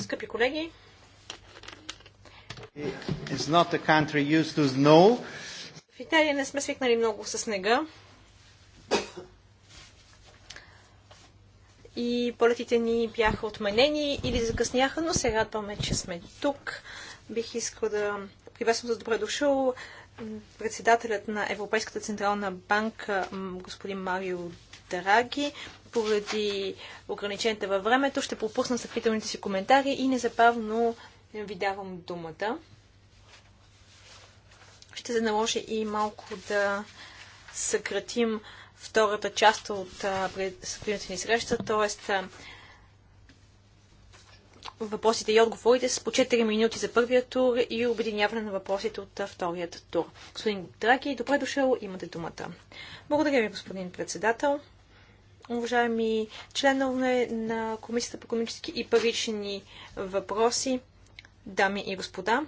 Скъпи колеги, в Италия не сме свикнали много с снега. И полетите ни бяха отменени или закъсняха, но се радваме, че сме тук. Бих искал да приветствам за добре дошъл председателят на Европейската централна банка, господин Марио Драги. Поради ограничените във времето ще пропусна съпителните си коментари и незабавно ви давам думата. Ще се наложи и малко да съкратим втората част от съпитълните ни среща, т.е. въпросите и отговорите с по 4 минути за първия тур и обединяване на въпросите от вторият тур. Господин Драги, добре дошъл, имате думата. Благодаря ви, господин председател уважаеми членове на Комисията по економически и парични въпроси, дами и господа.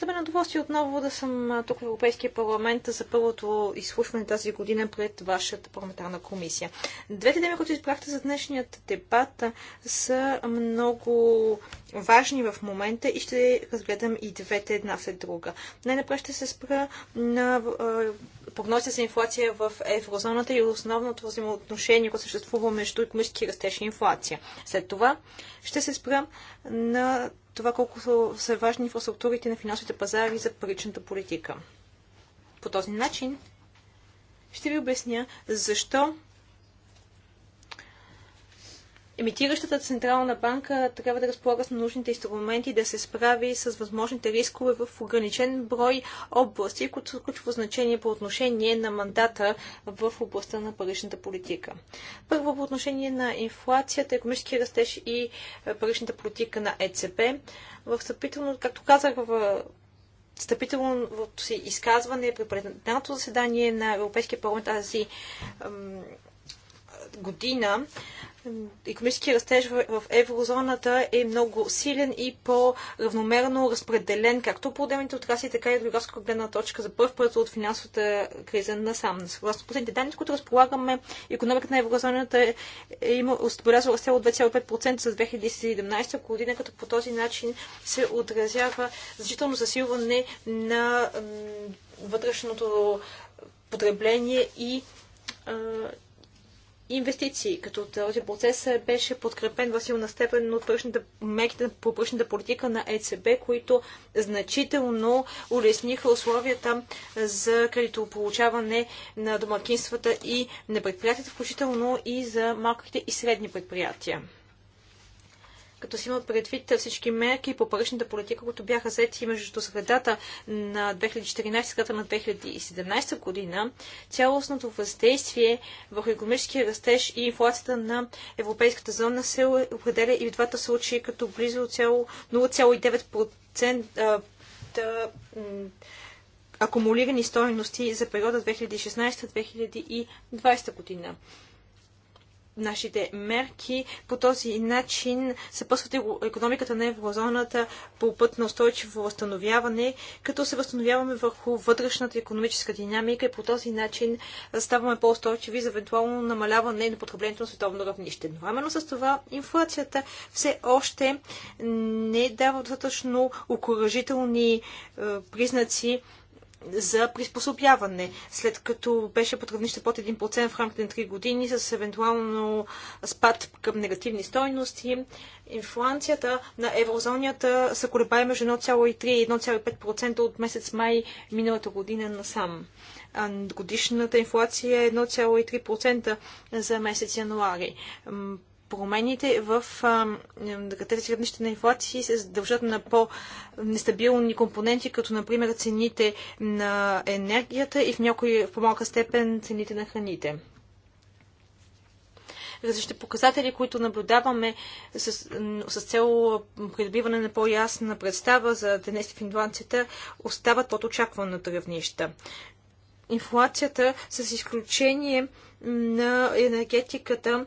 За мен е удоволствие отново да съм тук в Европейския парламент за първото изслушване тази година пред вашата парламентарна комисия. Двете теми, които избрахте за днешният дебат, са много важни в момента и ще разгледам и двете една след друга. Най-напред ще се спра на прогнозите за инфлация в еврозоната и основното взаимоотношение, което съществува между економически растеж и инфлация. След това ще се спра на това колко са важни инфраструктурите на финансовите пазари за паричната политика. По този начин ще ви обясня защо емитиращата централна банка трябва да разполага с нужните инструменти да се справи с възможните рискове в ограничен брой области, които са ключово значение по отношение на мандата в областта на паричната политика. Първо по отношение на инфлацията, економическия растеж и е, паричната политика на ЕЦБ. В встъпително, както казах в е, стъпителното си изказване при предната заседание на Европейския парламент тази година економически растеж в еврозоната е много силен и по-равномерно разпределен, както по отделните отрасли, така и от географска гледна точка за първ път от финансовата криза сам. Съгласно последните данни, с които разполагаме, економиката на еврозоната е, е има отбелязва растел от 2,5% за 2017 година, като по този начин се отразява значително засилване на вътрешното потребление и инвестиции, като този процес беше подкрепен в силна степен от мерките по пръчната политика на ЕЦБ, които значително улесниха условията за кредитополучаване на домакинствата и на предприятията, включително и за малките и средни предприятия като си има предвид всички мерки по паричната политика, които бяха взети между средата на 2014 средата на 2017 година, цялостното въздействие върху економическия растеж и инфлацията на европейската зона се определя и в двата случая като близо 0,9% акумулирани стоености за периода 2016-2020 година нашите мерки. По този начин съпъсват економиката на еврозоната по път на устойчиво възстановяване, като се възстановяваме върху вътрешната економическа динамика и по този начин ставаме по-устойчиви за евентуално намаляване на потреблението на световно равнище. Но именно с това инфлацията все още не дава достатъчно окоръжителни е, признаци за приспособяване, след като беше под равнище под 1% в рамките на 3 години с евентуално спад към негативни стойности. Инфлацията на еврозонията се колебае между 1,3 и 1,5% от месец май миналата година насам. Годишната инфлация е 1,3% за месец януари промените в ръкатете равнище на инфлации се дължат на по-нестабилни компоненти, като например цените на енергията и в някои в по-малка степен цените на храните различни показатели, които наблюдаваме с, с цел придобиване на по-ясна представа за днес в инфлацията, остават под очакваната равнища. Инфлацията, с изключение на енергетиката,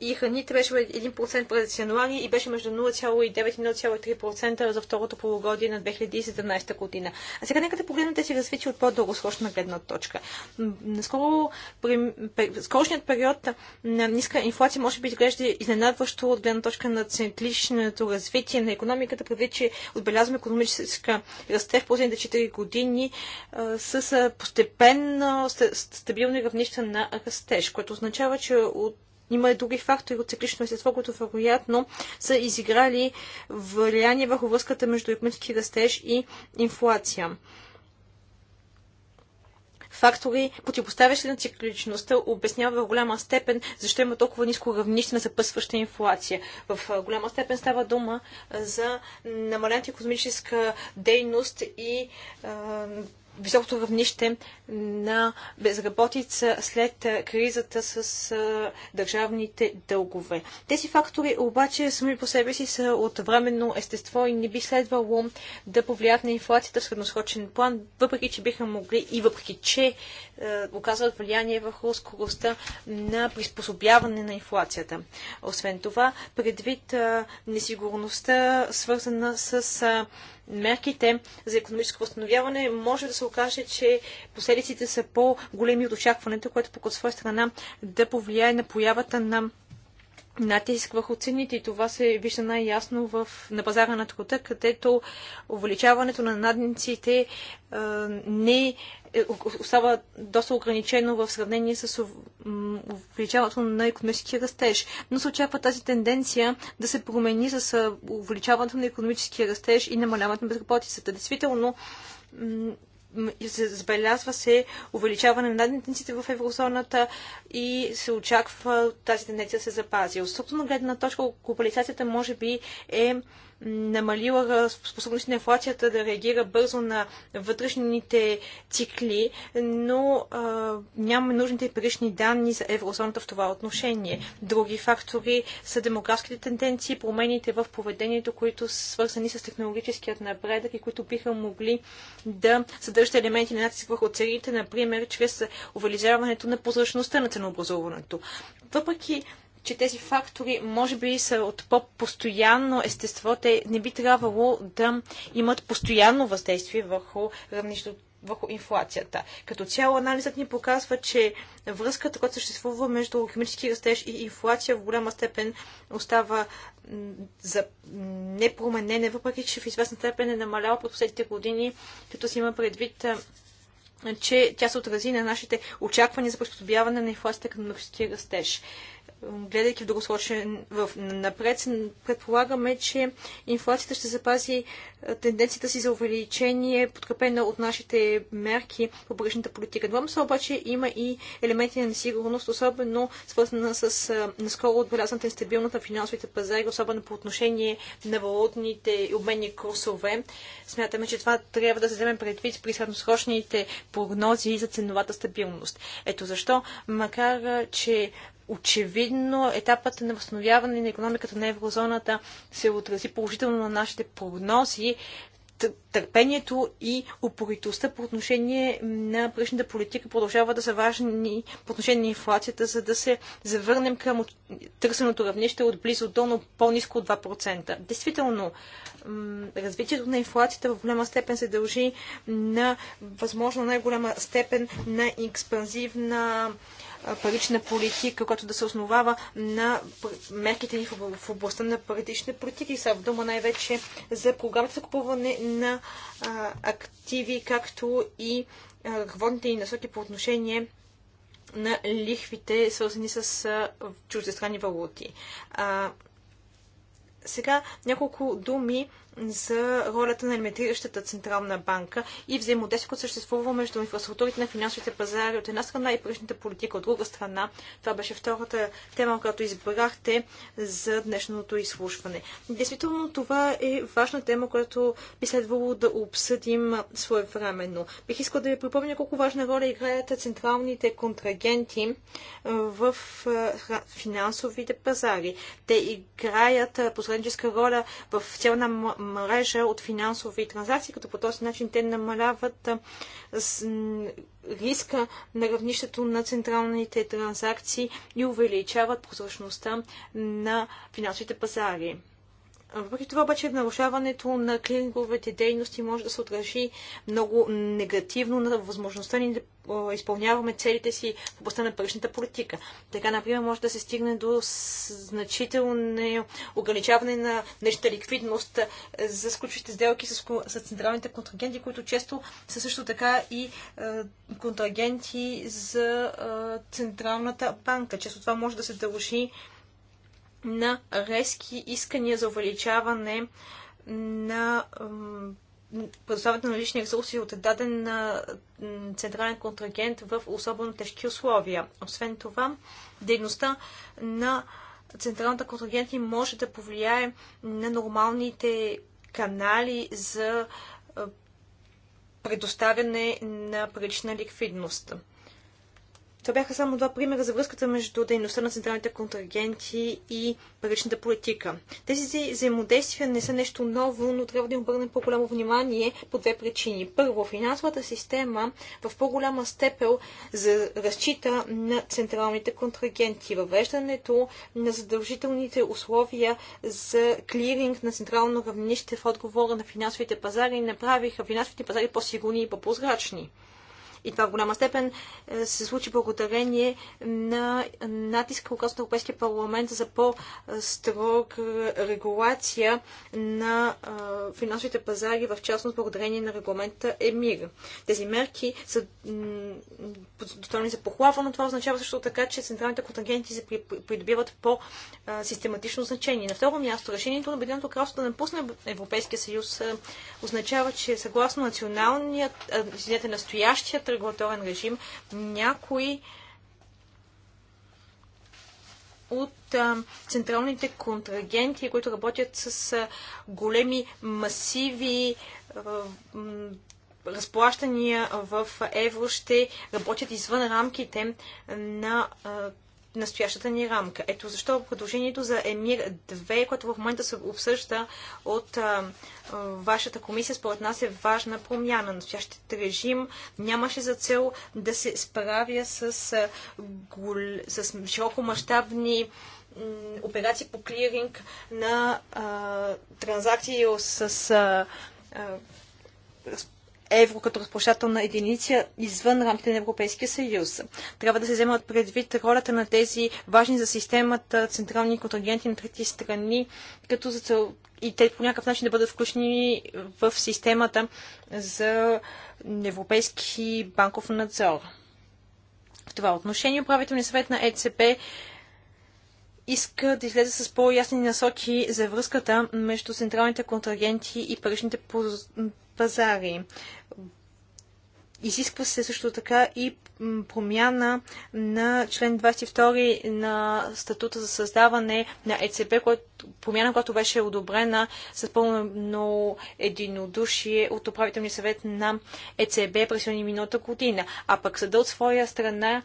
и храните беше 1% през януари и беше между 0,9 и 0,3% за второто полугодие на 2017 година. А сега нека да погледнем тези развития от по-дългосрочна гледна точка. Наскоро, при, скорошният период на ниска инфлация може би изглежда изненадващо от гледна точка на цикличното развитие на економиката, предвид, че отбелязваме економическа расте в последните 4 години с постепенно стабилни равнища на растеж, което означава, че от има и други фактори от циклично естество, които вероятно са изиграли влияние върху връзката между економически растеж и инфлация. Фактори, противопоставящи на цикличността, обяснява в голяма степен защо има толкова ниско равнище на запъсваща инфлация. В голяма степен става дума за намалената економическа дейност и високото равнище на безработица след кризата с държавните дългове. Тези фактори обаче сами по себе си са от временно естество и не би следвало да повлият на инфлацията в средносрочен план, въпреки че биха могли и въпреки че е, оказват влияние върху скоростта на приспособяване на инфлацията. Освен това, предвид е, несигурността, свързана с е, мерките за економическо възстановяване, може да се окаже, че последиците са по-големи от очакването, което пък от своя страна да повлияе на появата на натиск върху цените и това се вижда най-ясно в, на пазара на труда, където увеличаването на надниците а, е, не е, остава доста ограничено в сравнение с увеличаването на економическия растеж. Но се очаква тази тенденция да се промени с е, увеличаването на економическия растеж и намаляването на безработицата. Действително, забелязва се увеличаване на тенденциите в еврозоната и се очаква тази тенденция да се запази. От структурна гледна точка глобализацията може би е намалила способност на инфлацията да реагира бързо на вътрешните цикли, но а, нямаме нужните емпирични данни за еврозоната в това отношение. Други фактори са демографските тенденции, промените в поведението, които са свързани с технологическият напредък и които биха могли да съдържат елементи на натиск върху целите, например, чрез увеличаването на прозрачността на ценообразуването. Въпреки че тези фактори може би са от по-постоянно естество. Те не би трябвало да имат постоянно въздействие върху равнището върху инфлацията. Като цяло анализът ни показва, че връзката, която съществува между химически растеж и инфлация в голяма степен остава за непроменена, въпреки че в известна степен е намаляла през последните години, като си има предвид че тя се отрази на нашите очаквания за приспособяване на инфлацията към химически растеж гледайки в дългосрочен в напред, предполагаме, че инфлацията ще запази е, тенденцията си за увеличение, подкрепена от нашите мерки по бъдещата политика. Двам се обаче има и елементи на несигурност, особено свързана с е, наскоро отбелязаната нестабилност на финансовите пазари, особено по отношение на валутните и обменни курсове. Смятаме, че това трябва да се вземе предвид при средносрочните прогнози за ценовата стабилност. Ето защо, макар е, че Очевидно, етапът на възстановяване на економиката на еврозоната се отрази положително на нашите прогнози, търпението и упоритостта по отношение на паричната политика продължава да са важни по отношение на инфлацията, за да се завърнем към търсеното равнище от близо до, но по-низко от 2%. Действително, развитието на инфлацията в голяма степен се дължи на възможно най-голяма степен на експанзивна парична политика, която да се основава на мерките ни в областта на парична политика и в дума най-вече за програмата за купуване на активи, както и ръководните ни насоки по отношение на лихвите, свързани с чуждестранни валути. А, сега няколко думи за ролята на лимитиращата Централна банка и взаимодействието, което съществува между инфраструктурите на финансовите пазари от една страна и паричната политика от друга страна. Това беше втората тема, която избрахте за днешното изслушване. Действително това е важна тема, която би следвало да обсъдим своевременно. Бих искал да ви припомня колко важна роля играят централните контрагенти в финансовите пазари. Те играят посредническа роля в цял на мрежа от финансови транзакции, като по този начин те намаляват риска на равнището на централните транзакции и увеличават прозрачността на финансовите пазари. Въпреки това обаче нарушаването на клининговите дейности може да се отрази много негативно на възможността ни да изпълняваме целите си в областта на паричната политика. Така, например, може да се стигне до значително ограничаване на нещата ликвидност за сключващите сделки с, централните контрагенти, които често са също така и контрагенти за Централната банка. Често това може да се дължи да на резки искания за увеличаване на предоставянето на лични ресурси от даден централен контрагент в особено тежки условия. Освен това, дейността на централната контрагент може да повлияе на нормалните канали за предоставяне на парична ликвидност. Това бяха само два примера за връзката между дейността на централните контрагенти и паричната политика. Тези взаимодействия не са нещо ново, но трябва да им обърнем по-голямо внимание по две причини. Първо, финансовата система в по-голяма степен за разчита на централните контрагенти. Въвеждането на задължителните условия за клиринг на централно равнище в отговора на финансовите пазари направиха финансовите пазари по-сигурни и по-прозрачни. И това в голяма степен е, се случи благодарение на натиска оказва Европейския парламент за по-строг е, регулация на е, финансовите пазари, в частност благодарение на регламента ЕМИР. Тези мерки са достойни за похлава, но това означава също така, че централните контрагенти се придобиват по-систематично значение. На второ място, решението на Обединеното кралство да напусне Европейския съюз означава, че съгласно националният, извинете, настоящият регулаторен режим, някои от а, централните контрагенти, които работят с а, големи масиви а, разплащания в евро, ще работят извън рамките на настоящата ни рамка. Ето защо предложението за Емир 2, което в момента се обсъжда от а, вашата комисия, според нас е важна промяна. Настоящият режим нямаше за цел да се справя с, а, гол... с широкомащабни операции по клиринг на а, транзакции с а, а, евро като разплащателна единица извън рамките на Европейския съюз. Трябва да се вземат предвид ролята на тези важни за системата централни контрагенти на трети страни, като за цел и те по някакъв начин да бъдат включени в системата за европейски банков надзор. В това отношение управителният съвет на ЕЦБ иска да излезе с по-ясни насоки за връзката между централните контрагенти и паричните пазари. Изисква се също така и промяна на член 22 на статута за създаване на ЕЦБ, която, промяна, която беше одобрена с пълно единодушие от управителния съвет на ЕЦБ през юни минута година. А пък съда от своя страна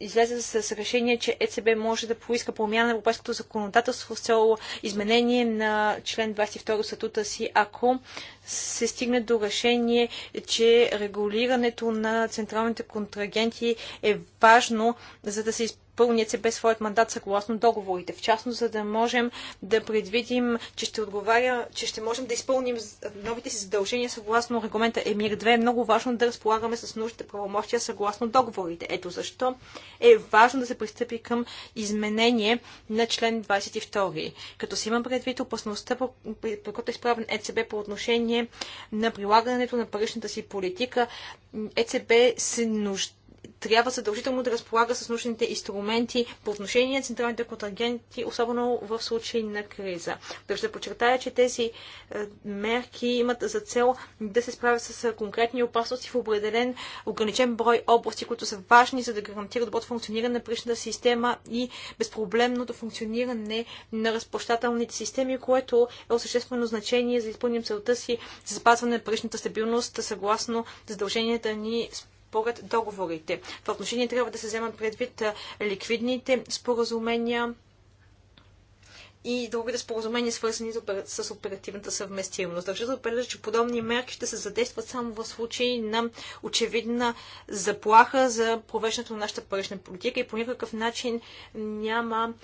излезе с решение, че ЕЦБ може да поиска промяна на европейското законодателство с цел изменение на член 22 статута си, ако се стигне до решение, че регулирането на централните контрагенти президенти е важно, за да се изпълнят себе своят мандат съгласно договорите. В частност, за да можем да предвидим, че ще отговаря, че ще можем да изпълним новите си задължения съгласно регламента ЕМИР 2, е много важно да разполагаме с нужните правомощия съгласно договорите. Ето защо е важно да се пристъпи към изменение на член 22. Като си имам предвид опасността, при която е изправен ЕЦБ по отношение на прилагането на паричната си политика, ЕЦБ се нужда трябва задължително да разполага с нужните инструменти по отношение на централните контрагенти, особено в случай на криза. Държа да подчертая, че тези е, мерки имат за цел да се справят с е, конкретни опасности в определен ограничен брой области, които са важни, за да гарантира доброто функциониране на причната система и безпроблемното функциониране на разплащателните системи, което е от съществено значение за да изпълним целта си за запазване на паричната стабилност, съгласно задълженията ни според договорите. В отношение трябва да се вземат предвид ликвидните споразумения и другите споразумения, свързани с оперативната съвместимост. Държа да отбележа, че подобни мерки ще се задействат само в случай на очевидна заплаха за провеждането на нашата парична политика и по никакъв начин няма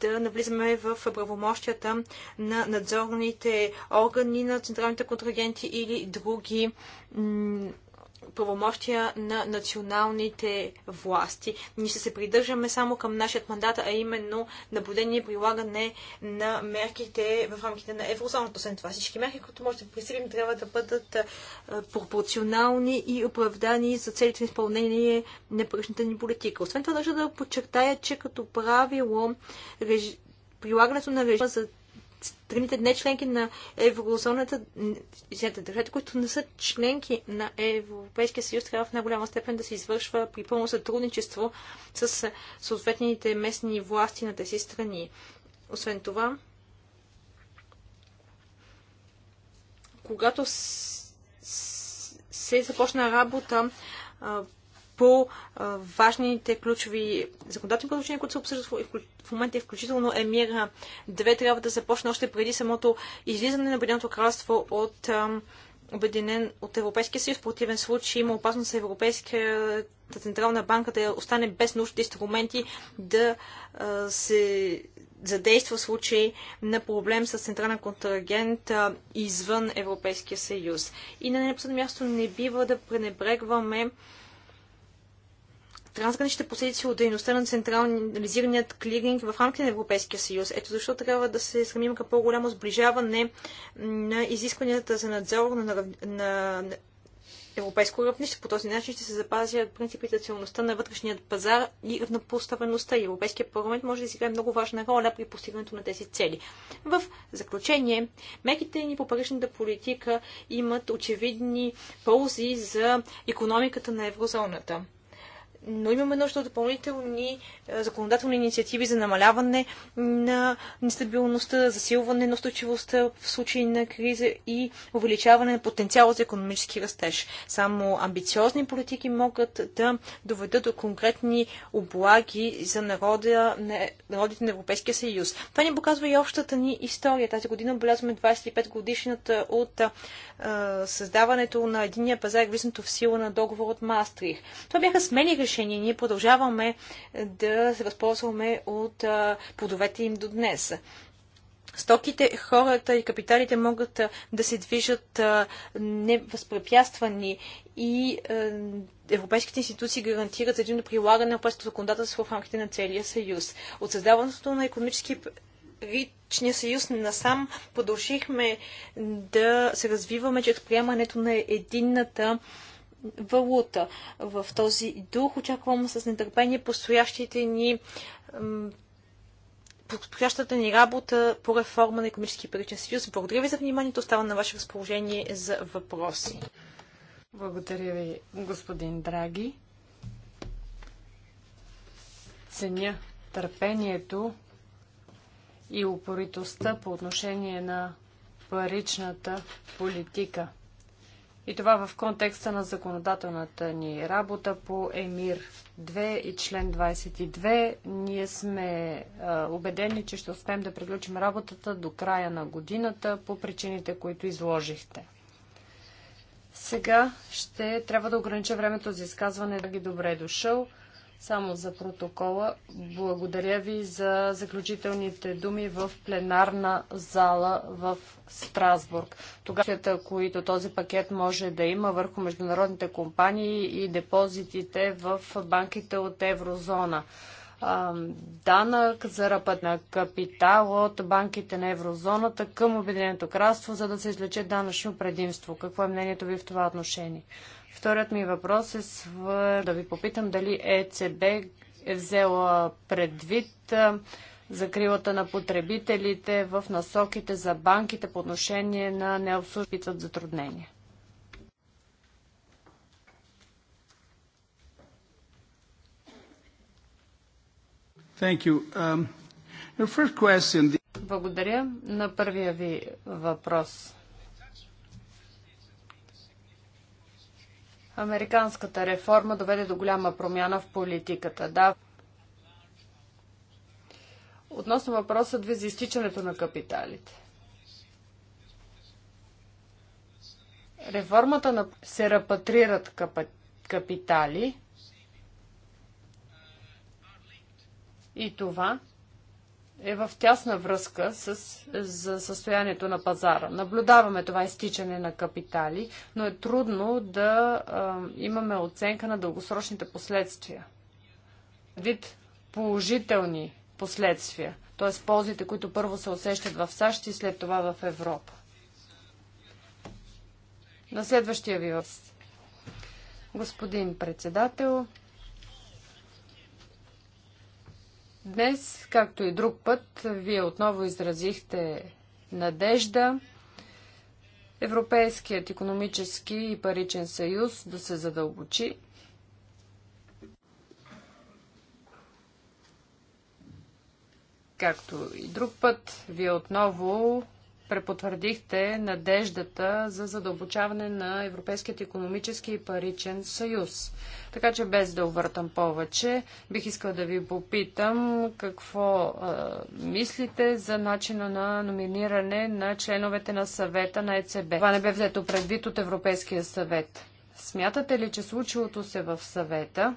да навлизаме в правомощията на надзорните органи, на централните контрагенти или други правомощия на националните власти. Ние ще се придържаме само към нашия мандат, а именно наблюдение и прилагане на мерките в рамките на еврозоната. Освен това, всички мерки, които може да присъдим, трябва да бъдат пропорционални и оправдани за целите на изпълнение на пръщната ни политика. Освен това, държа да подчертая, че като правило реж... прилагането на режима за страните не членки на еврозоната, извинете, държавите, които не са членки на Европейския съюз, трябва в най-голяма степен да се извършва при пълно сътрудничество с съответните местни власти на тези страни. Освен това, когато се започна работа по важните ключови законодателни предложения, които се обсъждат в момента, включително Емира 2, трябва да започне още преди самото излизане на Обединеното кралство от обединен от Европейския съюз. В противен случай има опасност Европейската централна банка да остане без нужните инструменти да се задейства в случай на проблем с централен контрагент извън Европейския съюз. И на непосредно място не бива да пренебрегваме трансграничните последици от дейността на централизираният клиринг в рамките на Европейския съюз. Ето защо трябва да се срамим към по-голямо сближаване на изискванията за надзор на, на, на европейско равнище. По този начин ще се запазят принципите целността на вътрешният пазар и равнопоставеността. Европейския парламент може да изиграе много важна роля при постигането на тези цели. В заключение, меките ни по паричната политика имат очевидни ползи за економиката на еврозоната но имаме нужда от допълнителни е, законодателни инициативи за намаляване на нестабилността, засилване на устойчивостта в случай на криза и увеличаване на потенциала за економически растеж. Само амбициозни политики могат да доведат до конкретни облаги за народа, народите на Европейския съюз. Това ни показва и общата ни история. Тази година обелязваме 25 годишната от а, е, създаването на единия пазар, влизането в сила на договор от Мастрих. Това бяха смели решение. Ние продължаваме да се възползваме от плодовете им до днес. Стоките, хората и капиталите могат да се движат невъзпрепятствани и европейските институции гарантират за един прилагане на опасното законодателство в рамките на целия съюз. От създаването на економически Ричния съюз насам продължихме да се развиваме чрез приемането на единната валута. В този дух очаквам с нетърпение постоящите ни подходящата ни работа по реформа на економически паричен съюз. Благодаря ви за вниманието. Оставам на ваше разположение за въпроси. Благодаря ви, господин Драги. Ценя търпението и упоритостта по отношение на паричната политика. И това в контекста на законодателната ни работа по ЕМИР 2 и член 22. Ние сме а, убедени, че ще успеем да приключим работата до края на годината по причините, които изложихте. Сега ще трябва да огранича времето за изказване. Да ги добре е дошъл. Само за протокола, благодаря ви за заключителните думи в пленарна зала в Страсбург. Тогава, които този пакет може да има върху международните компании и депозитите в банките от еврозона данък за ръпът на капитал от банките на еврозоната към Обединеното кралство, за да се излече данъчно предимство. Какво е мнението ви в това отношение? Вторият ми въпрос е свър... да ви попитам дали ЕЦБ е взела предвид закрилата на потребителите в насоките за банките по отношение на от затруднения. Um, question... Благодаря. На първия ви въпрос Американската реформа доведе до голяма промяна в политиката. Да. Относно въпросът ви за изтичането на капиталите. Реформата на се репатрират капитали и това е в тясна връзка с за състоянието на пазара. Наблюдаваме това изтичане на капитали, но е трудно да а, имаме оценка на дългосрочните последствия. Вид положителни последствия, т.е. ползите, които първо се усещат в САЩ и след това в Европа. На следващия ви въпрос. Господин председател, Днес, както и друг път, вие отново изразихте надежда Европейският економически и паричен съюз да се задълбочи. Както и друг път, вие отново препотвърдихте надеждата за задълбочаване на Европейският економически и паричен съюз. Така че без да увъртам повече, бих искал да ви попитам какво а, мислите за начина на номиниране на членовете на съвета на ЕЦБ. Това не бе взето предвид от Европейския съвет. Смятате ли, че случилото се в съвета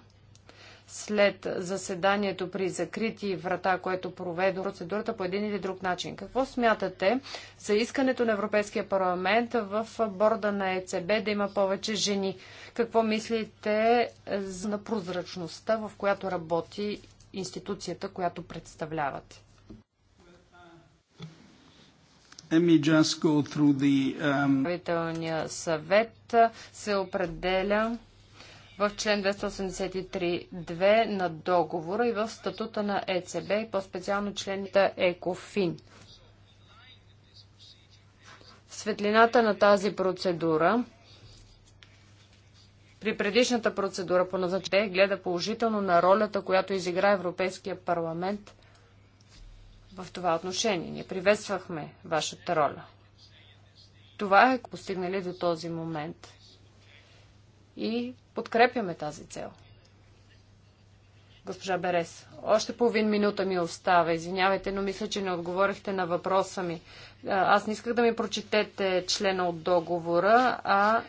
след заседанието при закрити врата, което проведо процедурата по един или друг начин. Какво смятате за искането на Европейския парламент в борда на ЕЦБ да има повече жени? Какво мислите за прозрачността, в която работи институцията, която представлявате? Um, Правителният um... съвет се определя в член 283.2 на договора и в статута на ЕЦБ и по-специално члените ЕКОФИН. Светлината на тази процедура при предишната процедура по назначение е гледа положително на ролята, която изигра Европейския парламент в това отношение. Ние приветствахме вашата роля. Това е постигнали до този момент и подкрепяме тази цел. Госпожа Берес, още половин минута ми остава. Извинявайте, но мисля, че не отговорихте на въпроса ми. Аз не исках да ми прочетете члена от договора, а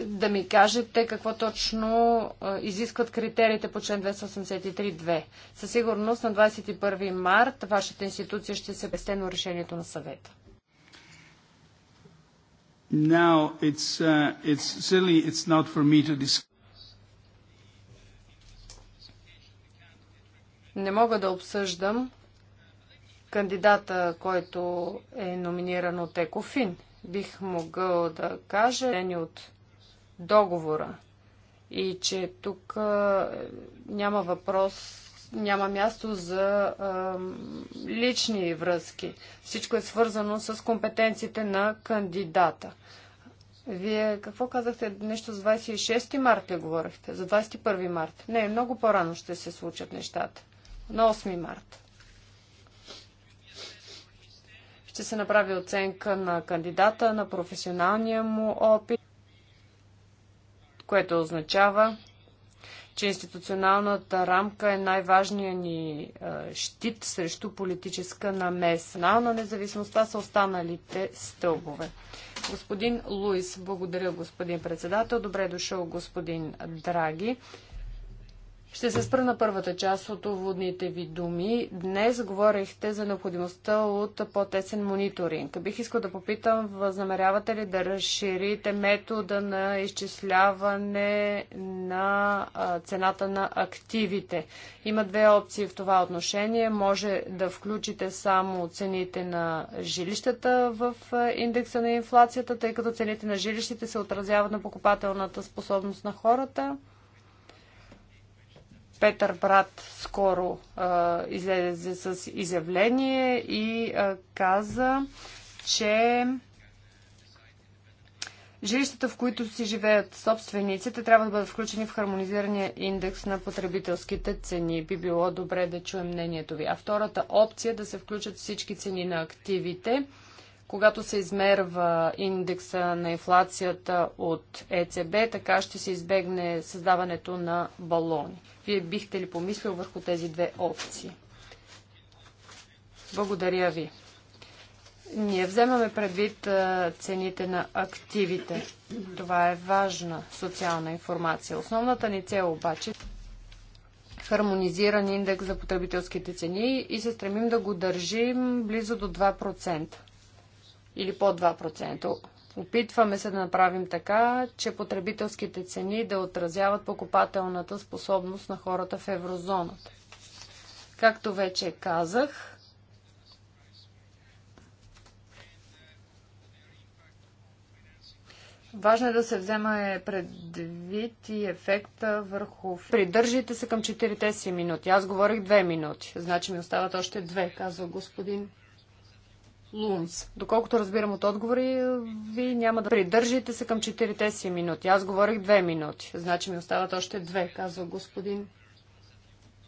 да ми кажете какво точно изискват критериите по член 283.2. Със сигурност на 21 март вашата институция ще се бестено решението на съвета. Now it's, uh, it's silly, it's not for me to discuss. Не мога да обсъждам кандидата, който е номиниран от Екофин. Бих могъл да кажа е от договора и че тук няма въпрос няма място за а, лични връзки. Всичко е свързано с компетенциите на кандидата. Вие какво казахте? Нещо за 26 март ли говорихте? За 21 март. Не, много по-рано ще се случат нещата. На 8 март. Ще се направи оценка на кандидата, на професионалния му опит, което означава, че институционалната рамка е най-важният ни щит срещу политическа намеса. На независимостта са останалите стълбове. Господин Луис, благодаря господин председател. Добре е дошъл господин Драги. Ще се спра на първата част от уводните ви думи. Днес говорихте за необходимостта от по-тесен мониторинг. Бих искал да попитам, възнамерявате ли да разширите метода на изчисляване на цената на активите? Има две опции в това отношение. Може да включите само цените на жилищата в индекса на инфлацията, тъй като цените на жилищите се отразяват на покупателната способност на хората Петър Брат скоро а, излезе с изявление и а, каза, че жилищата, в които си живеят собствениците, трябва да бъдат включени в хармонизирания индекс на потребителските цени. Би било добре да чуем мнението ви. А втората опция е да се включат всички цени на активите. Когато се измерва индекса на инфлацията от ЕЦБ, така ще се избегне създаването на балони. Вие бихте ли помислил върху тези две опции? Благодаря ви. Ние вземаме предвид цените на активите. Това е важна социална информация. Основната ни цел обаче е хармонизиран индекс за потребителските цени и се стремим да го държим близо до 2% или по 2%. Опитваме се да направим така, че потребителските цени да отразяват покупателната способност на хората в еврозоната. Както вече казах, Важно е да се взема предвид и ефекта върху... Придържайте се към 4 си минути. Аз говорих две минути. Значи ми остават още две, казва господин Лунс. Доколкото разбирам от отговори, ви няма да придържите се към 4 си минути. Аз говорих 2 минути. Значи ми остават още 2, казва господин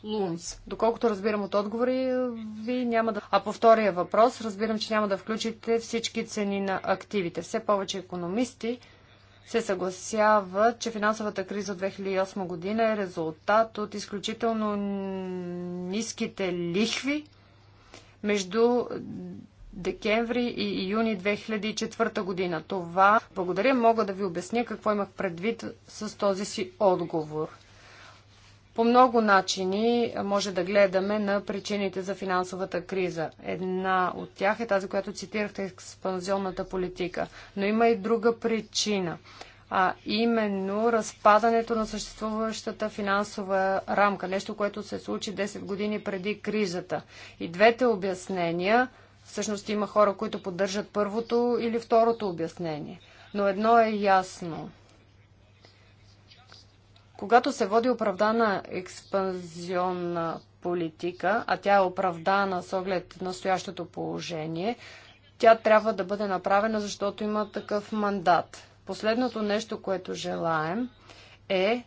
Лунс. Доколкото разбирам от отговори, ви няма да... А по втория въпрос, разбирам, че няма да включите всички цени на активите. Все повече економисти се съгласяват, че финансовата криза от 2008 година е резултат от изключително ниските лихви между декември и юни 2004 година. Това, благодаря, мога да ви обясня какво имах предвид с този си отговор. По много начини може да гледаме на причините за финансовата криза. Една от тях е тази, която цитирахте, експанзионната политика. Но има и друга причина, а именно разпадането на съществуващата финансова рамка. Нещо, което се случи 10 години преди кризата. И двете обяснения – Всъщност има хора, които поддържат първото или второто обяснение. Но едно е ясно. Когато се води оправдана експанзионна политика, а тя е оправдана с оглед настоящото положение, тя трябва да бъде направена, защото има такъв мандат. Последното нещо, което желаем е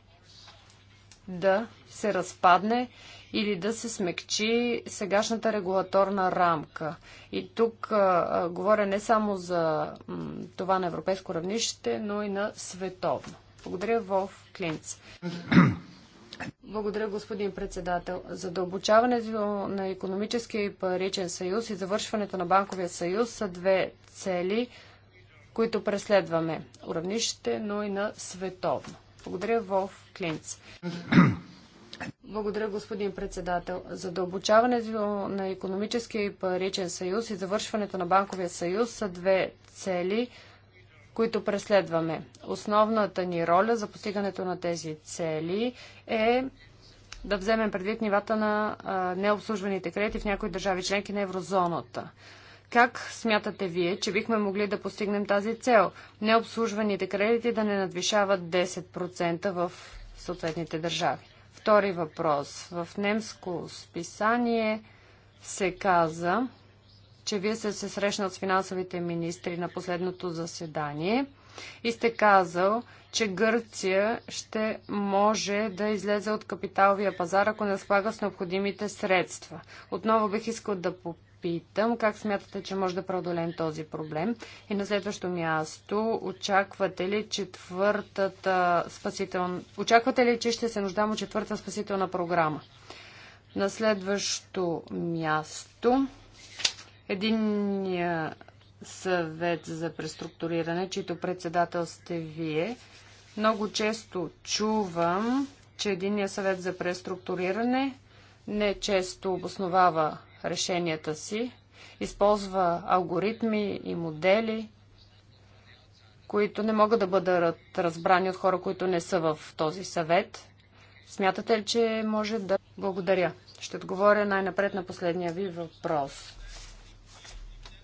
да се разпадне или да се смекчи сегашната регулаторна рамка. И тук а, а, говоря не само за м, това на европейско равнище, но и на световно. Благодаря, Волф Клинц. Благодаря, господин председател. дълбочаването на економическия и паричен съюз и завършването на банковия съюз са две цели, които преследваме. Уравнище, но и на световно. Благодаря, Волф Клинц. Благодаря, господин председател. Задълбочаването на економическия и паричен съюз и завършването на банковия съюз са две цели, които преследваме. Основната ни роля за постигането на тези цели е да вземем предвид нивата на необслужваните кредити в някои държави членки на еврозоната. Как смятате вие, че бихме могли да постигнем тази цел? Необслужваните кредити да не надвишават 10% в съответните държави. Втори въпрос. В немско списание се каза, че вие сте се срещнал с финансовите министри на последното заседание и сте казал, че Гърция ще може да излезе от капиталовия пазар, ако не слага с необходимите средства. Отново бих искал да попитам питам как смятате, че може да преодолеем този проблем. И на следващо място, очаквате ли четвъртата спасителна... Очаквате ли, че ще се нуждам от четвърта спасителна програма? На следващо място, един съвет за преструктуриране, чието председател сте вие. Много често чувам, че единия съвет за преструктуриране не често обосновава решенията си, използва алгоритми и модели, които не могат да бъдат разбрани от хора, които не са в този съвет. Смятате ли, че може да... Благодаря. Ще отговоря най-напред на последния ви въпрос.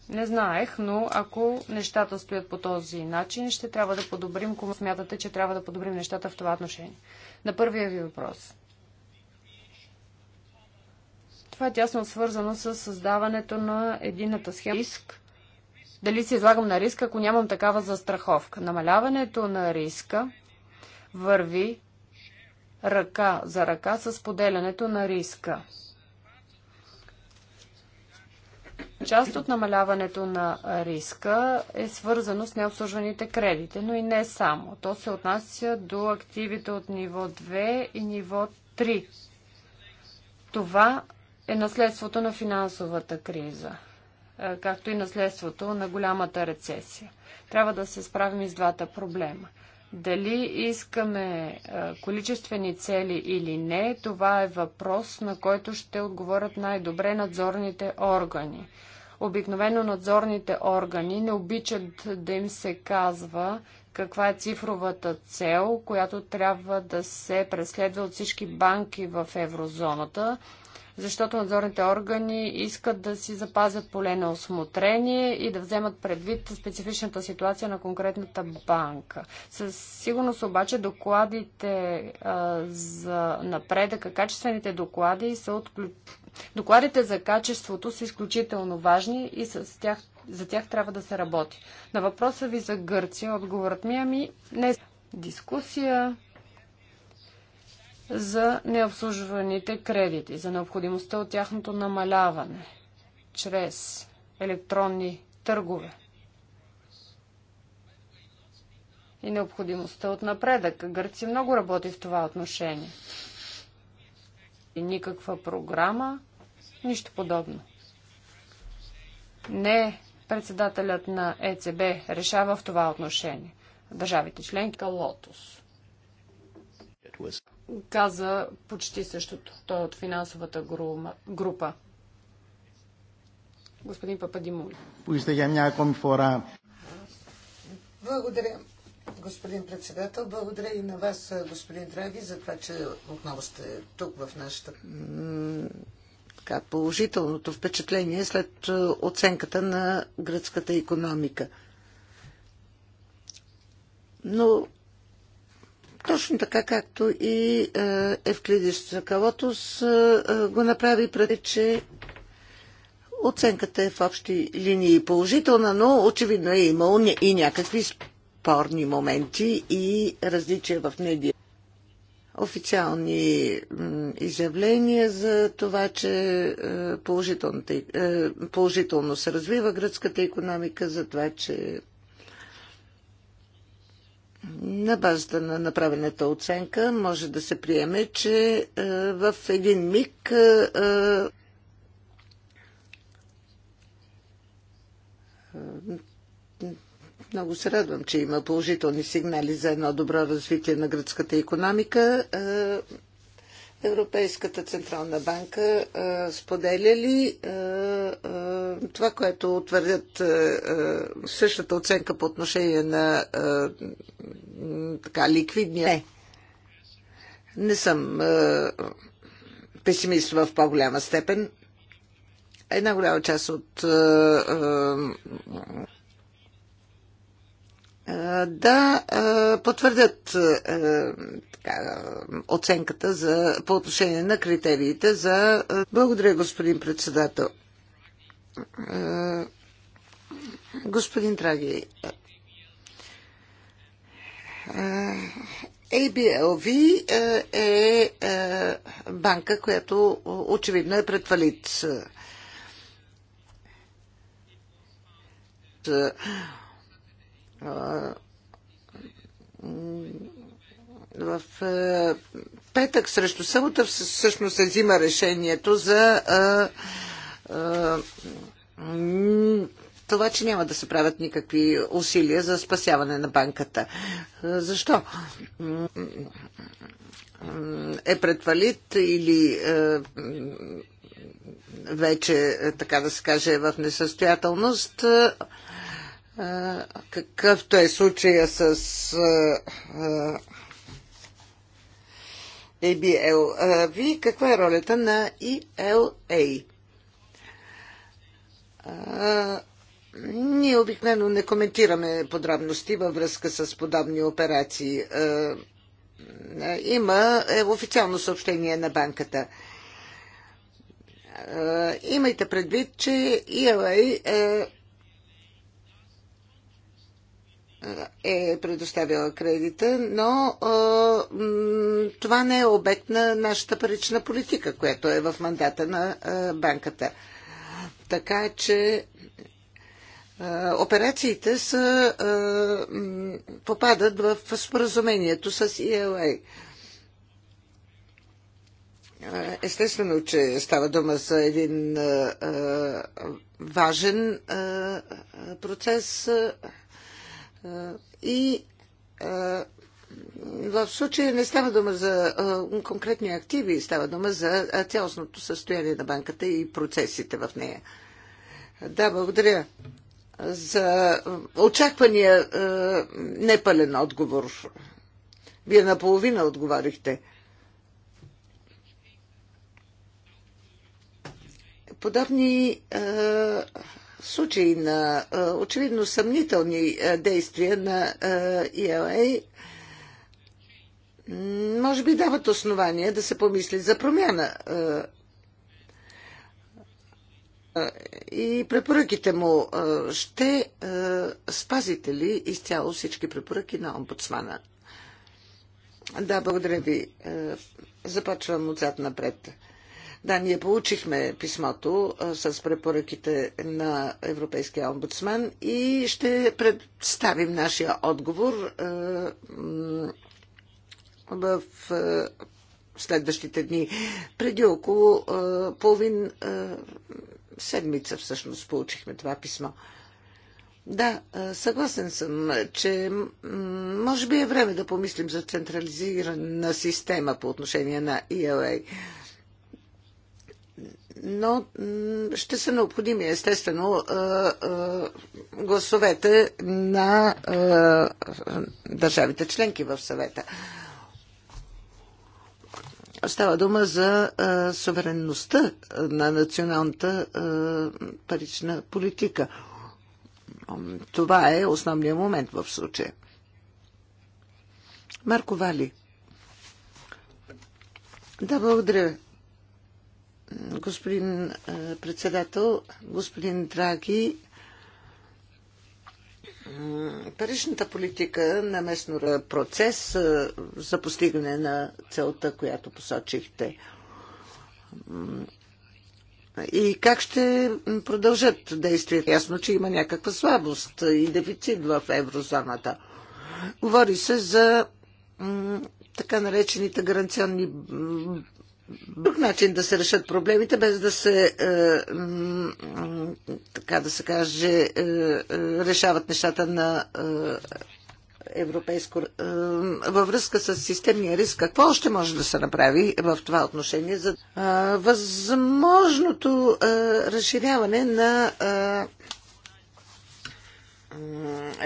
Не знаех, но ако нещата стоят по този начин, ще трябва да подобрим, кому смятате, че трябва да подобрим нещата в това отношение. На първия ви въпрос. Това е тясно свързано с създаването на едината схема. Риск. Дали се излагам на риск, ако нямам такава застраховка? Намаляването на риска върви ръка за ръка с поделянето на риска. Част от намаляването на риска е свързано с необслужваните кредити, но и не само. То се отнася до активите от ниво 2 и ниво 3. Това е наследството на финансовата криза, е, както и наследството на голямата рецесия. Трябва да се справим и с двата проблема. Дали искаме е, количествени цели или не, това е въпрос, на който ще отговорят най-добре надзорните органи. Обикновено надзорните органи не обичат да им се казва каква е цифровата цел, която трябва да се преследва от всички банки в еврозоната, защото надзорните органи искат да си запазят поле на осмотрение и да вземат предвид специфичната ситуация на конкретната банка. Със сигурност обаче докладите а, за напредъка, качествените доклади са от... Докладите за качеството са изключително важни и с тях, за тях трябва да се работи. На въпроса ви за Гърция, отговорът ми е, ами не дискусия, за необслужваните кредити, за необходимостта от тяхното намаляване чрез електронни търгове и необходимостта от напредък. Гърция много работи в това отношение. И никаква програма, нищо подобно. Не председателят на ЕЦБ решава в това отношение. Държавите членка Лотос каза почти същото. Той е от финансовата група. Господин Пападимули. Поиста я ми фора. Благодаря, господин председател. Благодаря и на вас, господин Драги, за това, че отново сте тук в нашата така, положителното впечатление след е, оценката на гръцката економика. Но точно така както и е, Евклидиш Сакалотос е, е, го направи преди, че оценката е в общи линии положителна, но очевидно е имало и някакви спорни моменти и различия в медиа. Официални изявления за това, че положително се развива гръцката економика, за това, че на базата на направената оценка може да се приеме, че е, в един миг е, е, много се радвам, че има положителни сигнали за едно добро развитие на гръцката економика. Европейската Централна банка а, споделя ли а, а, това, което утвърдят а, същата оценка по отношение на а, така, ликвидния? Не. Не съм а, песимист в по-голяма степен. Една голяма част от а, а, да потвърдят така, оценката за, по отношение на критериите за. Благодаря, господин председател. Господин Траги, ABLV е банка, която очевидно е пред фалит в петък срещу събота всъщност се взима решението за това, че няма да се правят никакви усилия за спасяване на банката. Защо? Е предвалит или вече, така да се каже, в несъстоятелност какъвто е случая с ABLV, каква е ролята на ELA? Ние обикновено не коментираме подробности във връзка с подобни операции. Има е, официално съобщение на банката. Имайте предвид, че ELA е е предоставила кредита, но това не е обект на нашата парична политика, която е в мандата на банката. Така че операциите са, попадат в споразумението с ELA. Естествено, че става дума за един важен процес, и в случая не става дума за конкретни активи, става дума за цялостното състояние на банката и процесите в нея. Да, благодаря за очаквания непълен отговор. Вие наполовина отговорихте. Подобни случаи на е, очевидно съмнителни е, действия на е, ИЛА може би дават основания да се помисли за промяна. И препоръките му ще спазите ли изцяло всички препоръки на омбудсмана? Да, благодаря ви. Започвам отзад напред. Да, ние получихме писмото с препоръките на Европейския омбудсман и ще представим нашия отговор в следващите дни. Преди около половин седмица всъщност получихме това писмо. Да, съгласен съм, че може би е време да помислим за централизирана система по отношение на ELA но ще са необходими естествено гласовете на държавите членки в съвета. Става дума за суверенността на националната парична политика. Това е основният момент в случая. Марко Вали. Да, благодаря, господин председател, господин Драги. Паричната политика на местно процес за постигане на целта, която посочихте. И как ще продължат действията? Ясно, че има някаква слабост и дефицит в еврозоната. Говори се за така наречените гаранционни друг начин да се решат проблемите, без да се, е, така да се каже, е, е, решават нещата на европейско. Във връзка с системния риск, какво още може да се направи в това отношение за възможното разширяване на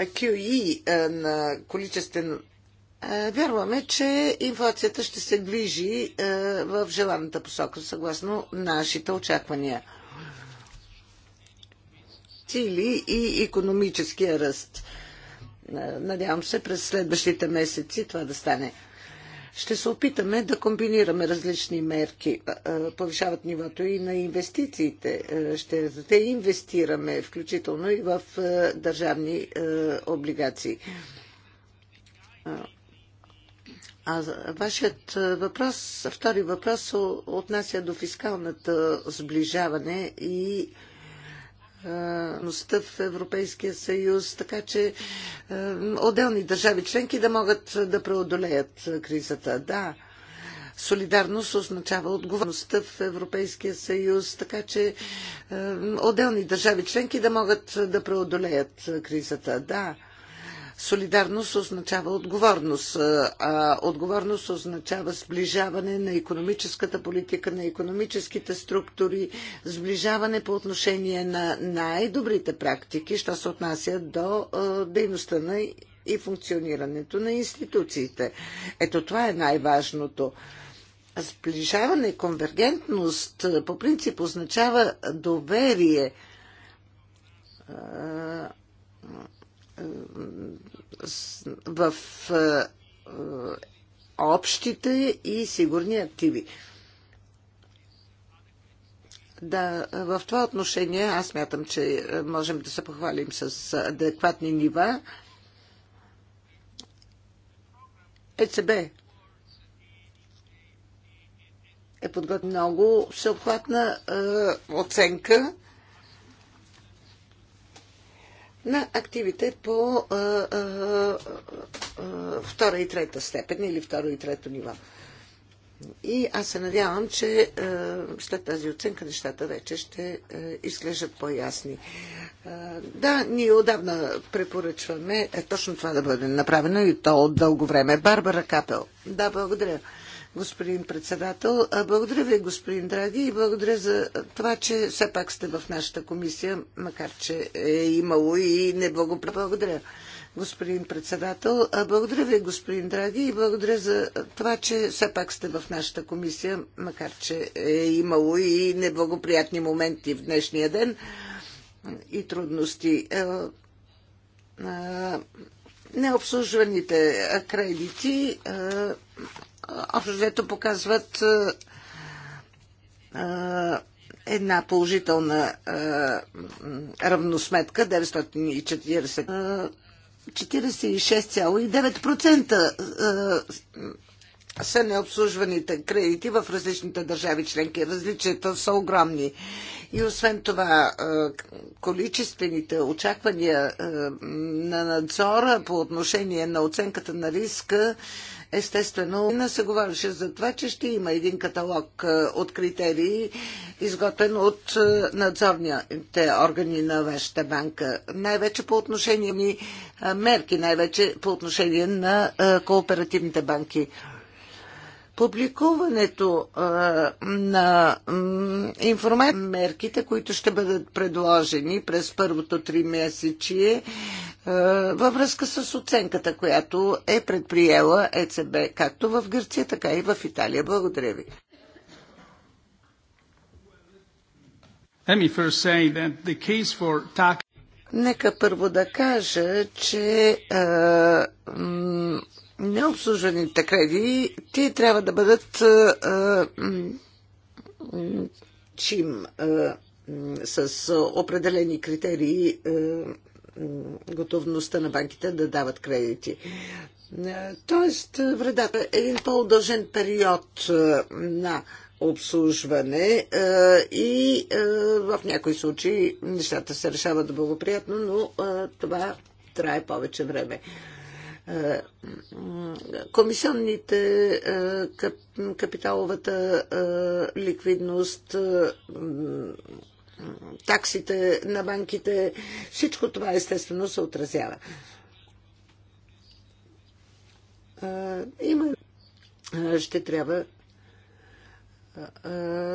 QE на количествен е, вярваме, че инфлацията ще се движи е, в желаната посока, съгласно нашите очаквания. Цили и економическия ръст. Е, надявам се през следващите месеци това да стане. Ще се опитаме да комбинираме различни мерки. Повишават нивото и на инвестициите. Ще те инвестираме, включително и в държавни облигации а вашият въпрос, втори въпрос отнася до фискалната сближаване и ността в Европейския съюз, така че отделни държави членки да могат да преодолеят кризата. Да, солидарност означава отговорността в Европейския съюз, така че отделни държави членки да могат да преодолеят кризата. Да, Солидарност означава отговорност, а отговорност означава сближаване на економическата политика, на економическите структури, сближаване по отношение на най-добрите практики, що се отнася до дейността на и функционирането на институциите. Ето това е най-важното. Сближаване, конвергентност по принцип означава доверие в е, общите и сигурни активи. Да, в това отношение аз мятам, че можем да се похвалим с адекватни нива. ЕЦБ е подготвил много всеобхватна е, оценка на активите по а, а, а, втора и трета степен или второ и трето ниво. И аз се надявам, че а, след тази оценка нещата вече ще а, изглеждат по-ясни. да, ние отдавна препоръчваме е, точно това да бъде направено и то от дълго време. Барбара Капел. Да, благодаря господин председател. Благодаря ви, господин Драги, и благодаря за това, че все пак сте в нашата комисия, макар че е имало и неблагоприятно. Благодаря, господин председател. Благодаря ви, господин Драги, и благодаря за това, че все пак сте в нашата комисия, макар че е имало и неблагоприятни моменти в днешния ден и трудности необслужваните кредити общо взето показват е, е, една положителна е, равносметка 940 46,9% са необслужваните кредити в различните държави членки. Различията са огромни. И освен това, количествените очаквания на надзора по отношение на оценката на риска Естествено, не се говореше за това, че ще има един каталог е, от критерии, изготвен от е, надзорните органи на вашата банка. Най-вече по отношение ми е, мерки, най-вече по отношение на кооперативните банки. Публикуването на информация мерките, които ще бъдат предложени през първото три месечие, е, във връзка с оценката, която е предприела ЕЦБ, както в Гърция, така и в Италия. Благодаря ви. Нека първо да кажа, че е, необслужените кредити трябва да бъдат е, чим е, с определени критерии готовността на банките да дават кредити. Е, тоест, вредата е един по-удължен период е, на обслужване е, и в някои случаи нещата се решават благоприятно, но това трае повече време. Комисионните, капиталовата ликвидност таксите на банките, всичко това естествено се отразява. Има, ще трябва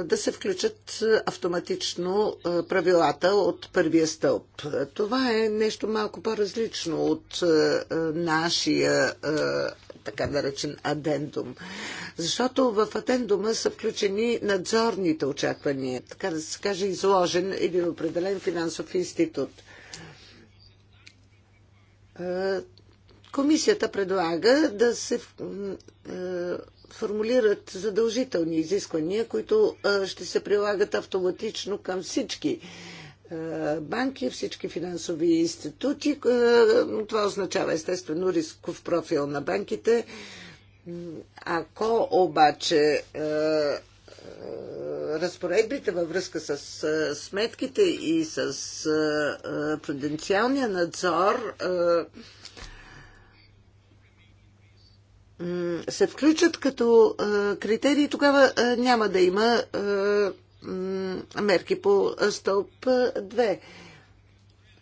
да се включат автоматично правилата от първия стълб. Това е нещо малко по-различно от нашия така наречен адендум. Защото в адендума са включени надзорните очаквания, така да се каже изложен един определен финансов институт. Комисията предлага да се формулират задължителни изисквания, които ще се прилагат автоматично към всички е, банки, всички финансови институти. Е, това означава естествено рисков профил на банките. Ако обаче е, разпоредбите във връзка с сметките и с пруденциалния надзор се включат като критерии, тогава няма да има мерки по стълб 2.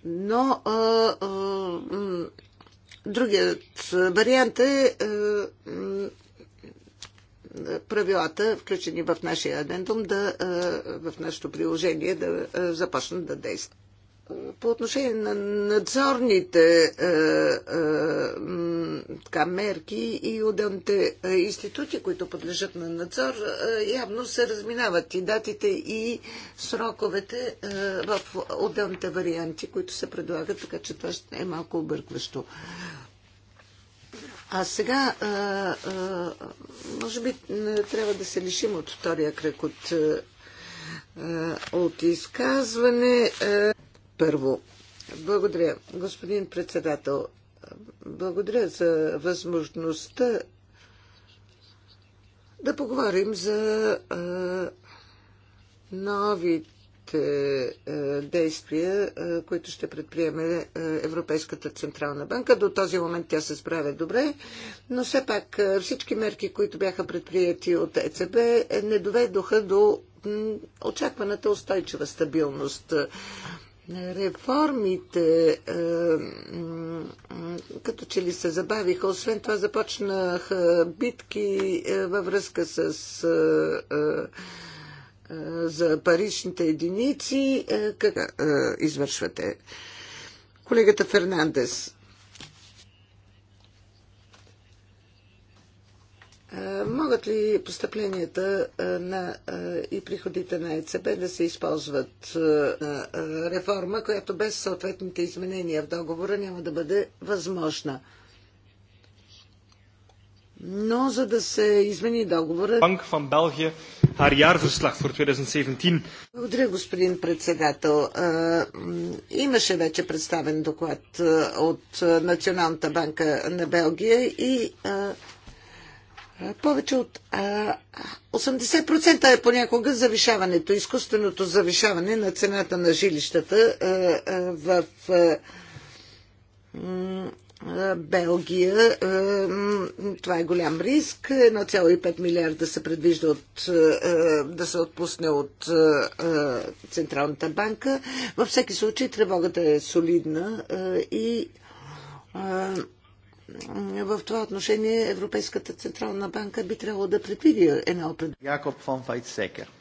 Но а, а, другият вариант е а, правилата, включени в нашия адендум, да, а, в нашето приложение, да а, започнат да действат по отношение на надзорните е, е, така, мерки и отделните е, институти, които подлежат на надзор, е, явно се разминават и датите и сроковете е, в отделните варианти, които се предлагат, така че това ще е малко объркващо. А сега, а, е, а, е, може би, трябва да се лишим от втория кръг от от изказване първо. Благодаря, господин председател. Благодаря за възможността да поговорим за а, новите а, действия, а, които ще предприеме а, Европейската Централна банка. До този момент тя се справя добре, но все пак а, всички мерки, които бяха предприяти от ЕЦБ, е, не доведоха до очакваната устойчива стабилност. Реформите е, като че ли се забавиха. Освен това започнах битки е, във връзка с е, за паричните единици. Как извършвате? Колегата Фернандес. Е, могат ли постъпленията е, на, е, и приходите на ЕЦБ да се използват на реформа, която без съответните изменения в договора няма да бъде възможна? Но за да се измени договора... Банк van België, haar jaarverslag voor 2017. Благодаря, господин председател. Имаше вече представен доклад от Националната банка на Белгия и повече от а, 80% е понякога завишаването, изкуственото завишаване на цената на жилищата а, а, в а, Белгия. А, това е голям риск. 1,5 милиарда се предвижда от, а, да се отпусне от а, Централната банка. Във всеки случай тревогата е солидна а, и а, в това отношение Европейската Централна банка би трябвало да предвиди една определена. Якоб фон Вайтсекер.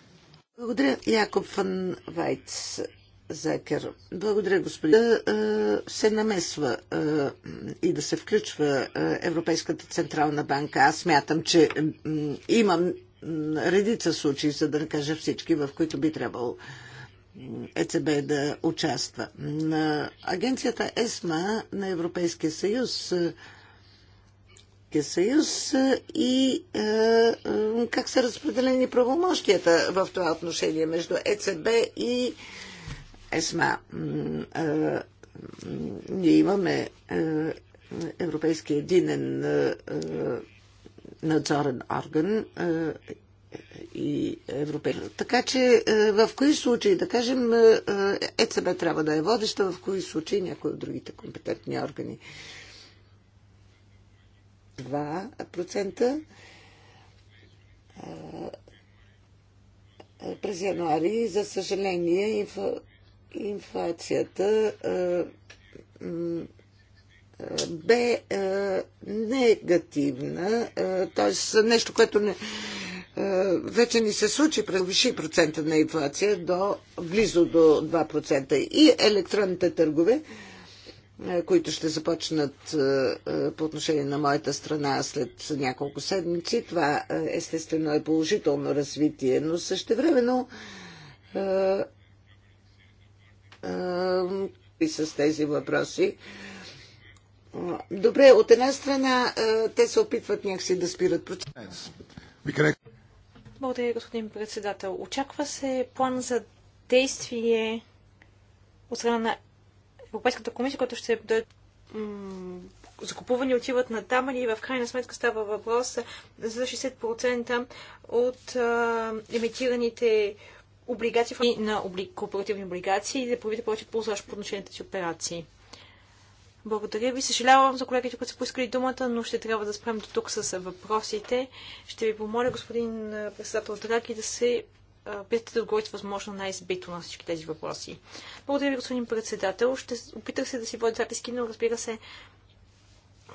Благодаря, Якоб фон Вайтсекер. Благодаря, господин. Да се намесва и да се включва Европейската Централна банка. Аз смятам, че имам редица случаи, за да не кажа всички, в които би трябвало ЕЦБ да участва. Агенцията ЕСМА на Европейския съюз Европейския съюз и е, как са разпределени правомощията в това отношение между ЕЦБ и ЕСМА. Е, ние имаме Европейски единен надзорен орган и европейски. Така че в кои случаи, да кажем, ЕЦБ трябва да е водеща, в кои случаи някои от другите компетентни органи. 2%. През януари, за съжаление, инфлацията бе негативна, т.е. нещо, което не, вече ни се случи, превиши процента на инфлация до близо до 2%. И електронните търгове е, които ще започнат е, е, по отношение на моята страна след няколко седмици. Това естествено е положително развитие, но същевременно и с тези въпроси. Добре, от една страна те се опитват някакси да спират процес. Благодаря, господин председател. Очаква се план за действие от страна на Европейската комисия, която ще бъдат закупувани отиват на там и в крайна сметка става въпрос за 60% от а, емитираните облигации на обли... кооперативни облигации и да правите повече ползваш по отношението си операции. Благодаря ви. Съжалявам за колегите, които са поискали думата, но ще трябва да спрем до тук с въпросите. Ще ви помоля, господин председател Драки да се опитате да отговорите възможно най-избито на всички тези въпроси. Благодаря ви, господин председател. Ще опитах се да си водя записки, но разбира се,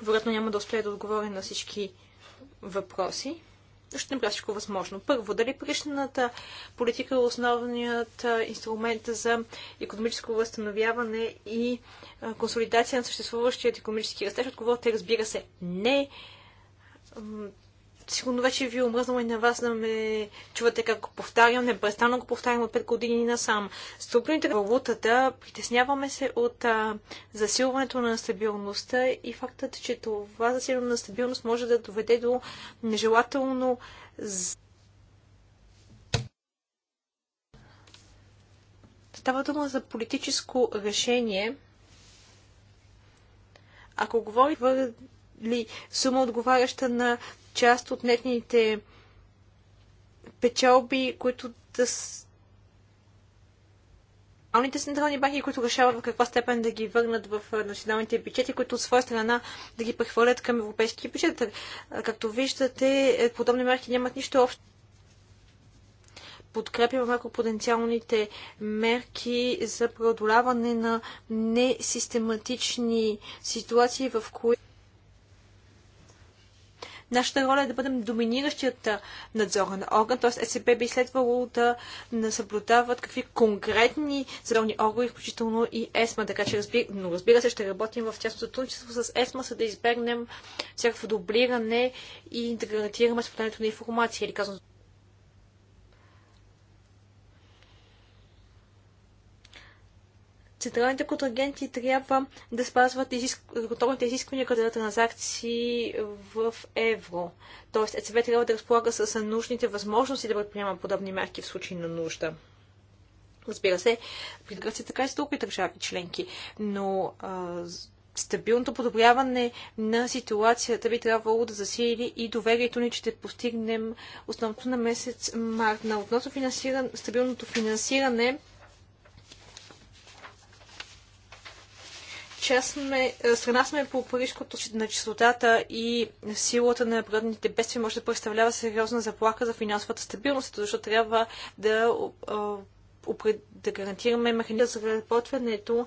вероятно няма да успея да отговоря на всички въпроси. Ще направя всичко възможно. Първо, дали паричната политика е основният инструмент за економическо възстановяване и консолидация на съществуващият економически растеж? Отговорът е, разбира се, не Сигурно вече ви е омръзнало и на вас да ме чувате как го повтарям. Непрестанно го повтарям от 5 години насам. Структурните валутата, притесняваме се от а, засилването на стабилността и фактът, че това засилване на стабилност може да доведе до нежелателно Става дума за политическо решение. Ако говори ли сума, отговаряща на част от нетните печалби, които да с... Националните централни банки, които решават в каква степен да ги върнат в националните бюджети, които от своя страна да ги прехвърлят към европейския бюджет. Както виждате, е, подобни мерки нямат нищо общо малко потенциалните мерки за преодоляване на несистематични ситуации, в които Нашата роля е да бъдем доминиращият надзорен орган, т.е. ЕЦБ би следвало да съблюдават какви конкретни задълни органи, включително и ЕСМА, така че разбира, но разбира се ще работим в тясно сътрудничество с ЕСМА, за да избегнем всякакво дублиране и да гарантираме споделянето на информация или казвам централните контрагенти трябва да спазват готовните регуляторните изисквания като транзакции в евро. Тоест ЕЦБ трябва да разполага с нужните възможности да предприема подобни мерки в случай на нужда. Разбира се, при Гърция така и с други държави членки, но а, стабилното подобряване на ситуацията би трябвало да засили и доверието ни, че ще постигнем основното на месец март на относно финансиран, стабилното финансиране сме, е, страна сме по парижкото на чистотата и силата на природните бедствия може да представлява сериозна заплаха за финансовата стабилност, защото трябва да, е, да гарантираме механизъм за разработването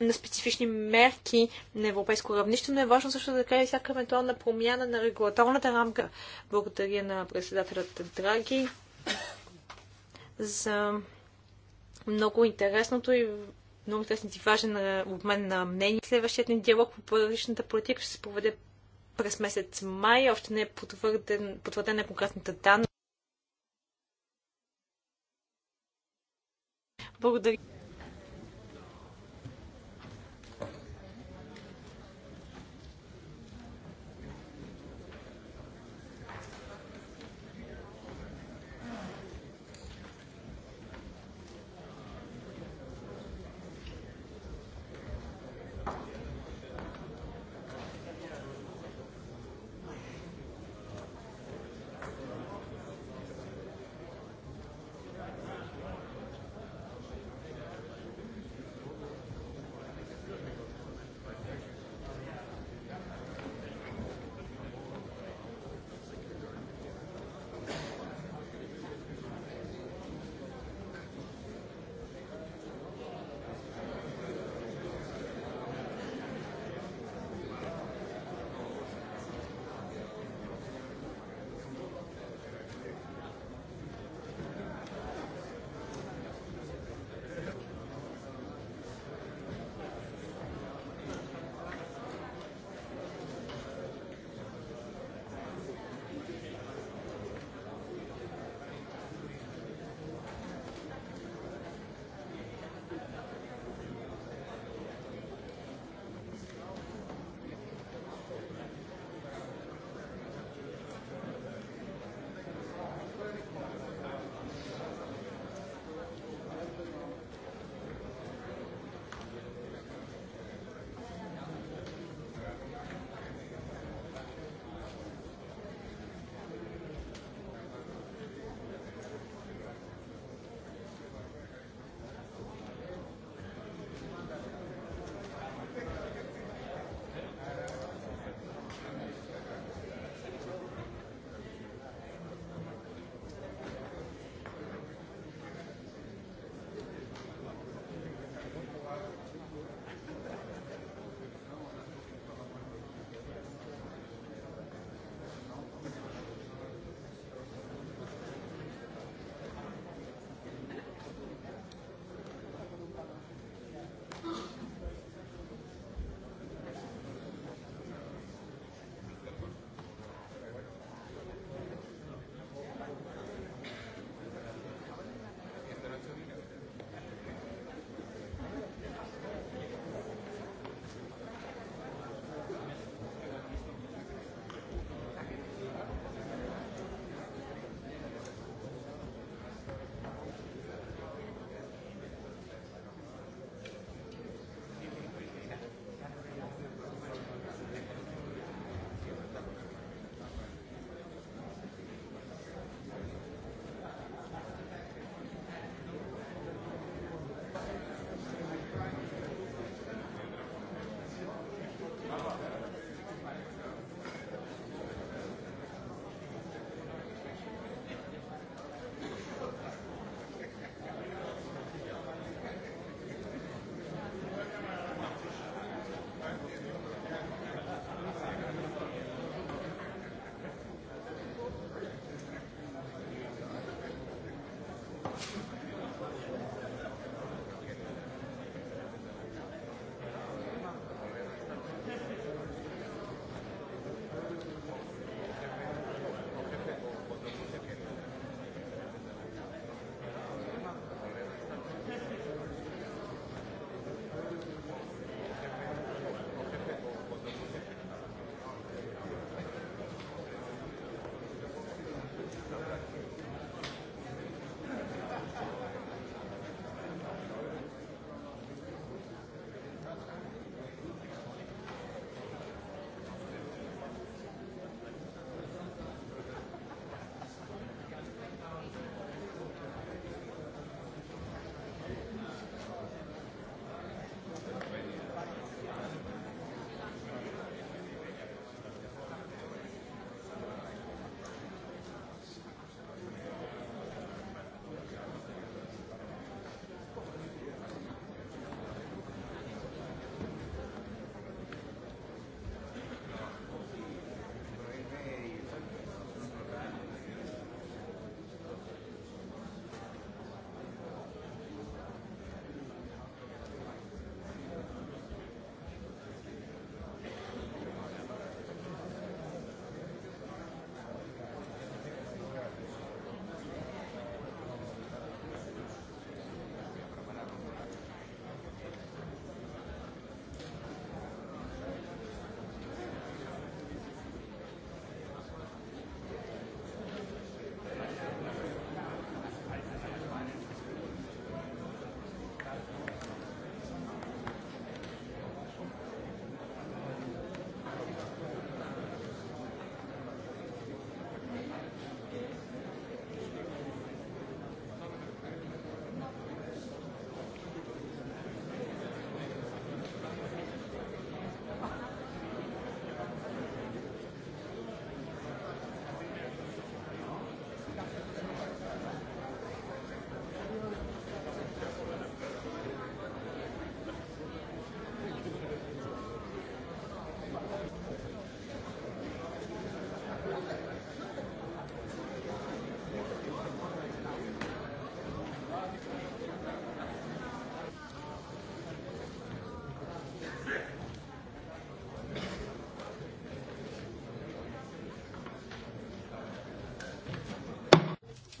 на специфични мерки на европейско равнище, но е важно също така да и всяка евентуална промяна на регулаторната рамка. Благодаря на председателят Драги за много интересното и много интересен и важен обмен на мнение. Следващият ни диалог по първичната политика ще се проведе през месец май. Още не е потвърден, потвърдена е конкретната данна. Благодаря.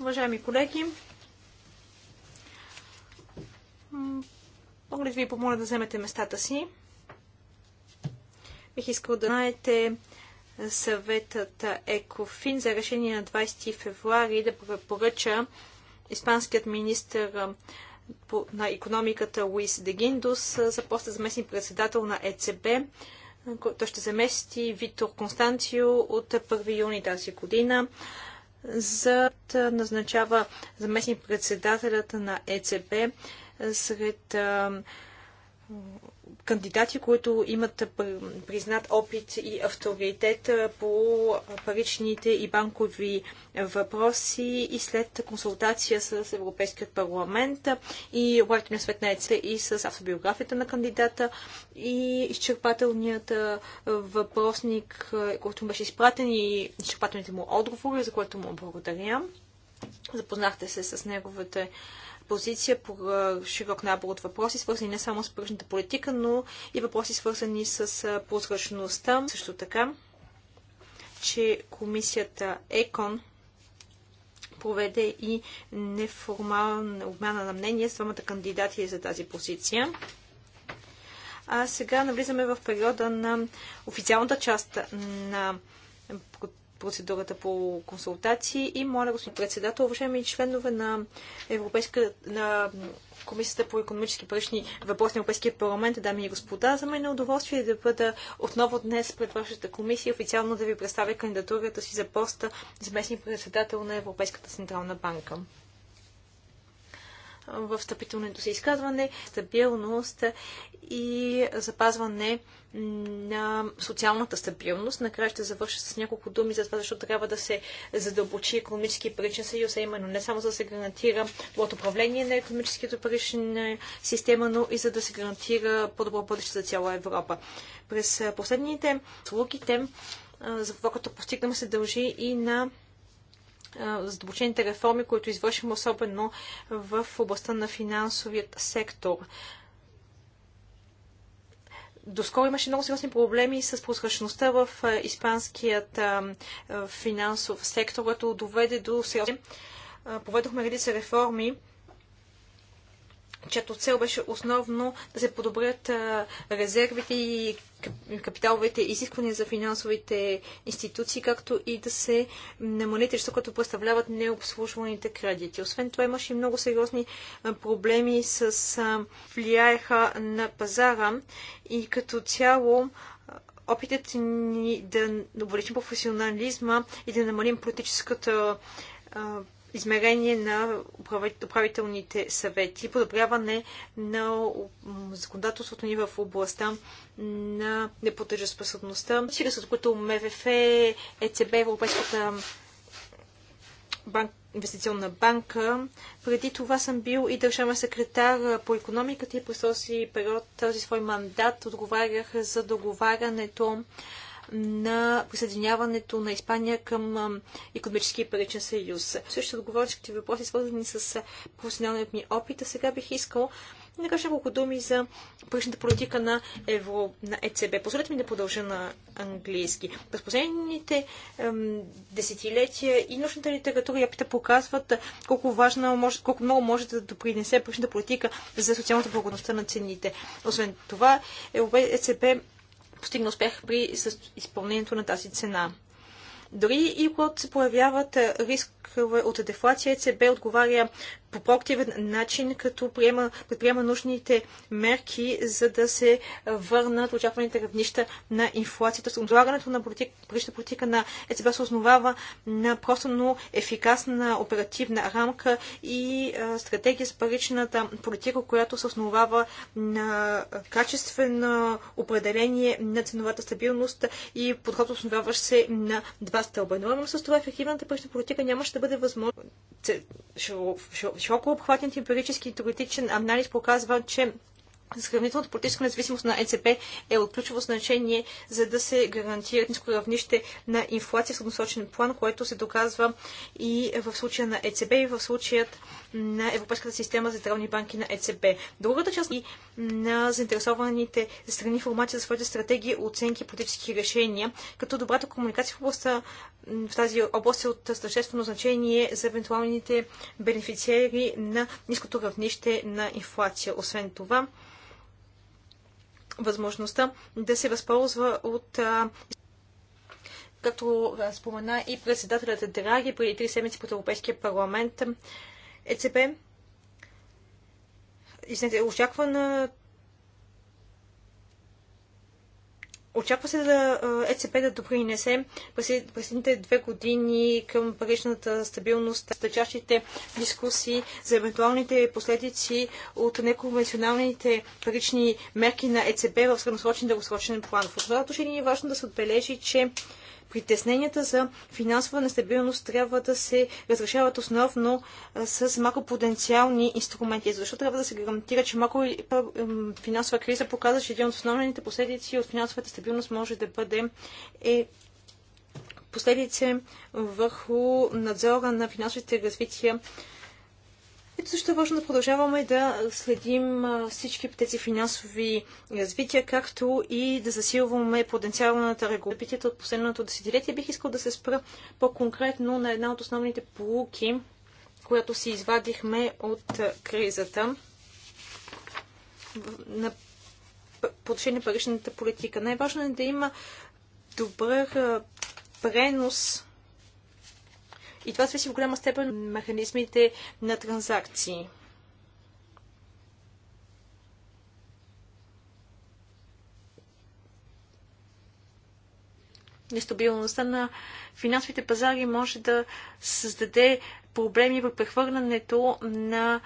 Уважаеми колеги, мога ли да ви помоля да вземете местата си? Бих искал да знаете е, съветът ЕКОФИН за решение на 20 февруари да препоръча испанският министр е, на економиката Луис Дегиндус е, за поста заместник председател на ЕЦБ. Той ще замести Витор Констанцио от 1 юни тази година за да назначава заместник председателят на ЕЦБ сред кандидати, които имат признат опит и авторитет по паричните и банкови въпроси и след консултация с Европейският парламент и на свет на ЕЦ и с автобиографията на кандидата и изчерпателният въпросник, който беше изпратен и изчерпателните му отговори, за което му благодаря. Запознахте се с неговите позиция по широк набор от въпроси, свързани не само с пръчната политика, но и въпроси свързани с прозрачността. Също така, че комисията ЕКОН проведе и неформална обмяна на мнение с двамата кандидати за тази позиция. А сега навлизаме в периода на официалната част на процедурата по консултации и моля, господин председател, уважаеми членове на, Европейска, на Комисията по економически парични въпроси на Европейския парламент, дами и господа, за мен е удоволствие да бъда отново днес пред вашата комисия официално да ви представя кандидатурата си за поста заместник председател на Европейската централна банка в встъпителното си изказване, стабилност и запазване на социалната стабилност. Накрая ще завърша с няколко думи за това, защото трябва да се задълбочи економически и паричен съюз, а именно не само за да се гарантира от управление на економическата парична система, но и за да се гарантира по-добро бъдеще за цяла Европа. През последните тем, за това, като постигнем, се дължи и на задълбочените реформи, които извършим особено в областта на финансовият сектор. Доскоро имаше много сериозни проблеми с прозрачността в испанският финансов сектор, което доведе до сериозни. Поведохме редица реформи, чето цел беше основно да се подобрят резервите и капиталовите изисквания за финансовите институции, както и да се намали тежестта, като представляват необслужваните кредити. Освен това имаше и много сериозни проблеми с влияеха на пазара и като цяло опитът ни да увеличим професионализма и да намалим политическата измерение на управителните съвети, подобряване на законодателството ни в областта на неплатежеспособността, Сили с които МВФ, ЕЦБ, Европейската банк, инвестиционна банка. Преди това съм бил и държавен секретар по економиката и през този период, този свой мандат отговарях за договарянето на присъединяването на Испания към економически паричен съюз. Също отговорчите въпроси, свързани с професионалният ми опит, а сега бих искал да кажа няколко думи за паричната политика на, Евро, на ЕЦБ. Позволете ми да продължа на английски. През последните ем, десетилетия и научната литература и опита показват колко, важна, може, колко много може да допринесе паричната политика за социалната благодността на цените. Освен това, ЕЦБ постигне успех при изпълнението на тази цена. Дори и когато се появяват рискове от дефлация, ЕЦБ отговаря по проактивен начин, като приема, предприема нужните мерки, за да се върнат очакваните равнища на инфлацията. Отлагането на политик, политика на ЕЦБ се основава на просто, но ефикасна оперативна рамка и а, стратегия с паричната политика, която се основава на качествено определение на ценовата стабилност и подход основаващ се на два стълба. Но с това ефективната парична политика нямаше да бъде възможно Широко обхватният емпирически и теоретичен анализ показва, че Сравнителната политическа независимост на ЕЦБ е от ключово значение, за да се гарантира ниско равнище на инфлация в съдносочен план, което се доказва и в случая на ЕЦБ, и в случаят на Европейската система за здравни банки на ЕЦБ. Другата част и на заинтересованите страни информация за своите стратегии, оценки и политически решения, като добрата комуникация в, областта, в тази област е от съществено значение за евентуалните бенефициери на ниското равнище на инфлация. Освен това, възможността да се възползва от както спомена и председателят Драги преди три седмици под Европейския парламент, ЕЦП. Извинете, на... Очаква се да ЕЦП да допринесе през последните две години към паричната стабилност, стъчащите дискусии за евентуалните последици от неконвенционалните парични мерки на ЕЦП в средносрочен и дългосрочен план. В това отношение е важно да се отбележи, че Притесненията за финансова нестабилност трябва да се разрешават основно с макропотенциални инструменти, защото трябва да се гарантира, че макро финансова криза показва, че един от основните последици от финансовата стабилност може да бъде е последици върху надзора на финансовите развития ето също е важно да продължаваме да следим всички тези финансови развития, както и да засилваме потенциалната регулация от последното десетилетие. Бих искал да се спра по-конкретно на една от основните полуки, която си извадихме от кризата на подшение на паричната политика. Най-важно е да има добър пренос и това зависи в голяма степен механизмите на транзакции. нестабилността на финансовите пазари може да създаде проблеми в прехвърлянето на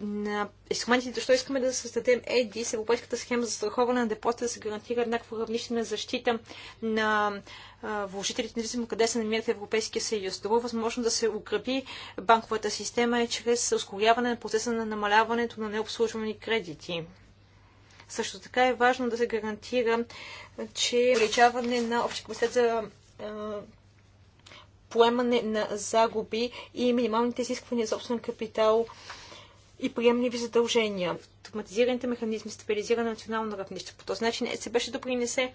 на инструментите, защо искаме да създадем ЕДИС, Европейската схема за страховане на депозита, да се гарантира еднакво равнище на защита на вложителите, независимо къде се намират в Европейския съюз. Друга е възможност да се укрепи банковата система е чрез ускоряване на процеса на намаляването на необслужвани кредити. Също така е важно да се гарантира, че увеличаване на общия комитет за поемане на загуби и минималните изисквания за собствен капитал и приемливи задължения. Автоматизираните механизми стабилизира на национално равнище. По този начин ЕЦБ ще допринесе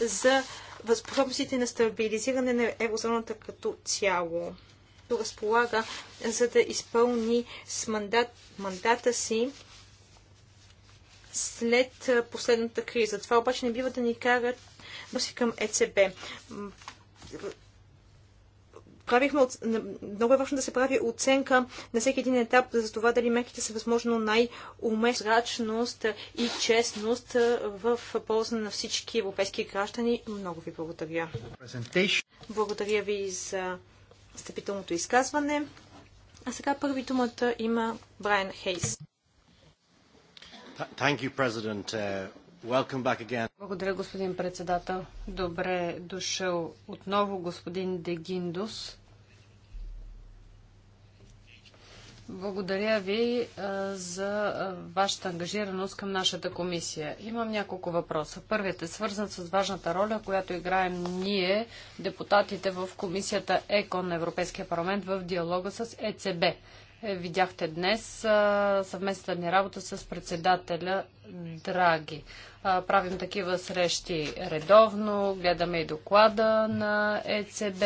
за възможностите на стабилизиране на еврозоната като цяло. Разполага, за да изпълни с мандат, мандата си след последната криза. Това обаче не бива да ни карат към ЕЦБ правихме, от много е важно да се прави оценка на всеки един етап за това дали мерките са възможно най-умесрачност и честност в полза на всички европейски граждани. Много ви благодаря. Благодаря ви за стъпителното изказване. А сега първи думата има Брайан Хейс. Thank you, President. Uh, благодаря, господин председател. Добре е дошъл отново господин Дегиндус. Благодаря ви за вашата ангажираност към нашата комисия. Имам няколко въпроса. Първият е свързан с важната роля, която играем ние, депутатите в комисията ЕКОН на Европейския парламент в диалога с ЕЦБ. Е, видяхте днес съвместната ни работа с председателя Драги. Правим такива срещи редовно, гледаме и доклада на ЕЦБ.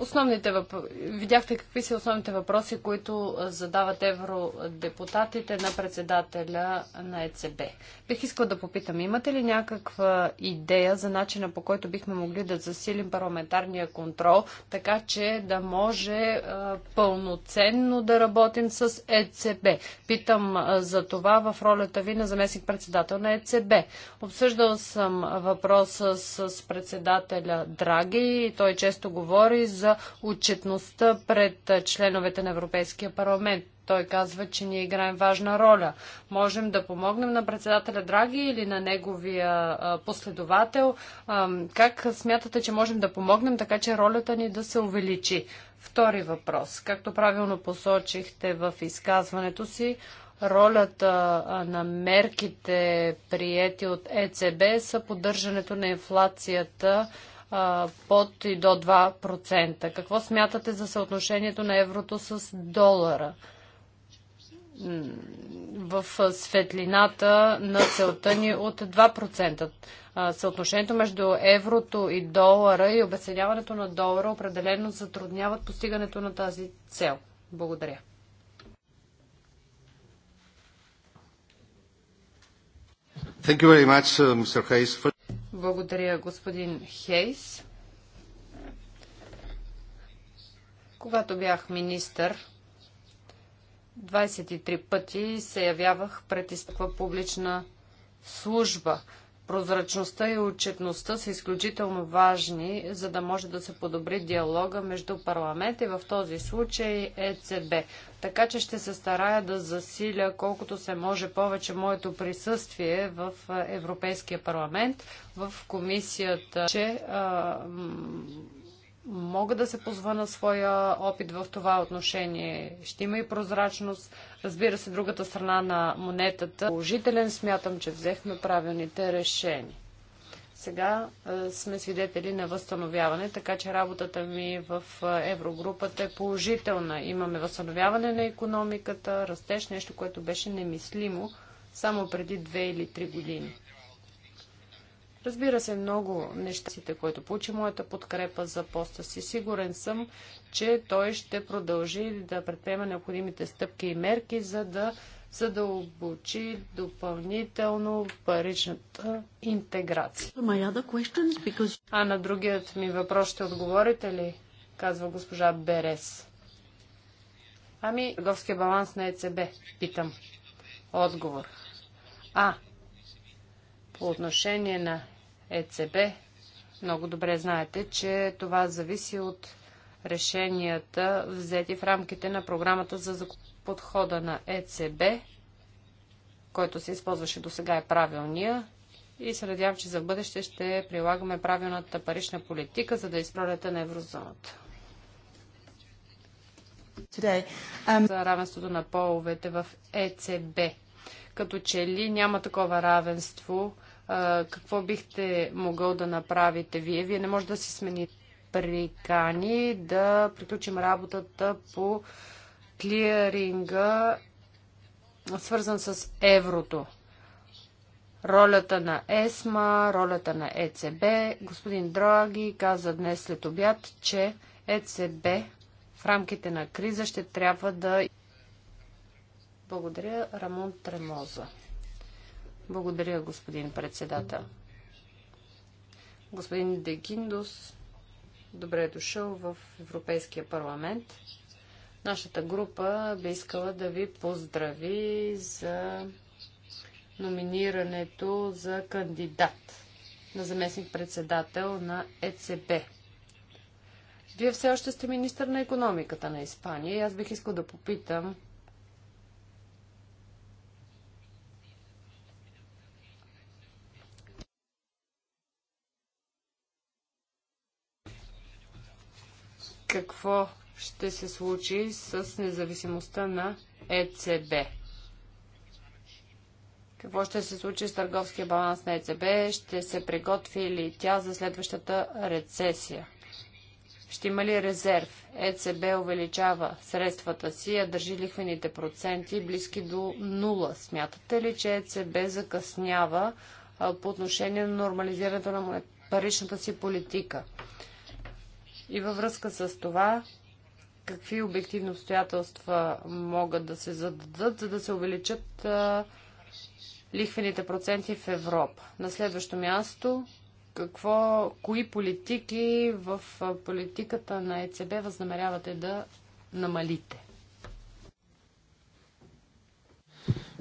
Основните въп... Видяхте какви са основните въпроси, които задават евродепутатите на председателя на ЕЦБ. Бих искал да попитам, имате ли някаква идея за начина по който бихме могли да засилим парламентарния контрол, така че да може а, пълноценно да работим с ЕЦБ? Питам а, за това в ролята ви на заместник председател на ЕЦБ. Обсъждал съм въпроса с, с председателя Драги и той често говори за за отчетността пред членовете на Европейския парламент. Той казва, че ние играем важна роля. Можем да помогнем на председателя Драги или на неговия последовател. Как смятате, че можем да помогнем така, че ролята ни да се увеличи? Втори въпрос. Както правилно посочихте в изказването си, ролята на мерките, приети от ЕЦБ, са поддържането на инфлацията под и до 2%. Какво смятате за съотношението на еврото с долара? в светлината на целта ни от 2%. Съотношението между еврото и долара и обесеняването на долара определено затрудняват постигането на тази цел. Благодаря. Thank you very much, uh, Mr. Hayes. Благодаря, господин Хейс. Когато бях министър, 23 пъти се явявах пред изтъква публична служба. Прозрачността и отчетността са изключително важни, за да може да се подобри диалога между парламент и в този случай ЕЦБ. Така че ще се старая да засиля колкото се може повече моето присъствие в е, Европейския парламент, в комисията, че а, мога да се позва на своя опит в това отношение. Ще има и прозрачност. Разбира се, другата страна на монетата. Положителен смятам, че взехме правилните решения. Сега сме свидетели на възстановяване, така че работата ми в Еврогрупата е положителна. Имаме възстановяване на економиката, растеж, нещо, което беше немислимо само преди две или три години. Разбира се, много нещастите, които получи моята подкрепа за поста си, сигурен съм, че той ще продължи да предприема необходимите стъпки и мерки, за да за да допълнително паричната интеграция. А на другият ми въпрос ще отговорите ли? Казва госпожа Берес. Ами, търговския баланс на ЕЦБ, питам. Отговор. А, по отношение на ЕЦБ, много добре знаете, че това зависи от решенията, взети в рамките на програмата за подхода на ЕЦБ, който се използваше до сега е правилния и се надявам, че за бъдеще ще прилагаме правилната парична политика, за да изправяте на еврозоната. Um... За равенството на половете в ЕЦБ. Като че ли няма такова равенство какво бихте могъл да направите вие? Вие не може да си смените прикани да приключим работата по клиринга, свързан с еврото. Ролята на ЕСМА, ролята на ЕЦБ. Господин Дроаги каза днес след обяд, че ЕЦБ в рамките на криза ще трябва да. Благодаря, Рамон Тремоза. Благодаря, господин председател. Господин Дегиндус, добре е дошъл в Европейския парламент. Нашата група би искала да ви поздрави за номинирането за кандидат на заместник-председател на ЕЦБ. Вие все още сте министър на економиката на Испания и аз бих искал да попитам какво ще се случи с независимостта на ЕЦБ. Какво ще се случи с търговския баланс на ЕЦБ? Ще се приготви ли тя за следващата рецесия? Ще има ли резерв? ЕЦБ увеличава средствата си, а държи лихвените проценти близки до нула. Смятате ли, че ЕЦБ закъснява по отношение на нормализирането на паричната си политика? И във връзка с това, какви обективни обстоятелства могат да се зададат, за да се увеличат лихвените проценти в Европа. На следващо място, какво, кои политики в политиката на ЕЦБ възнамерявате да намалите?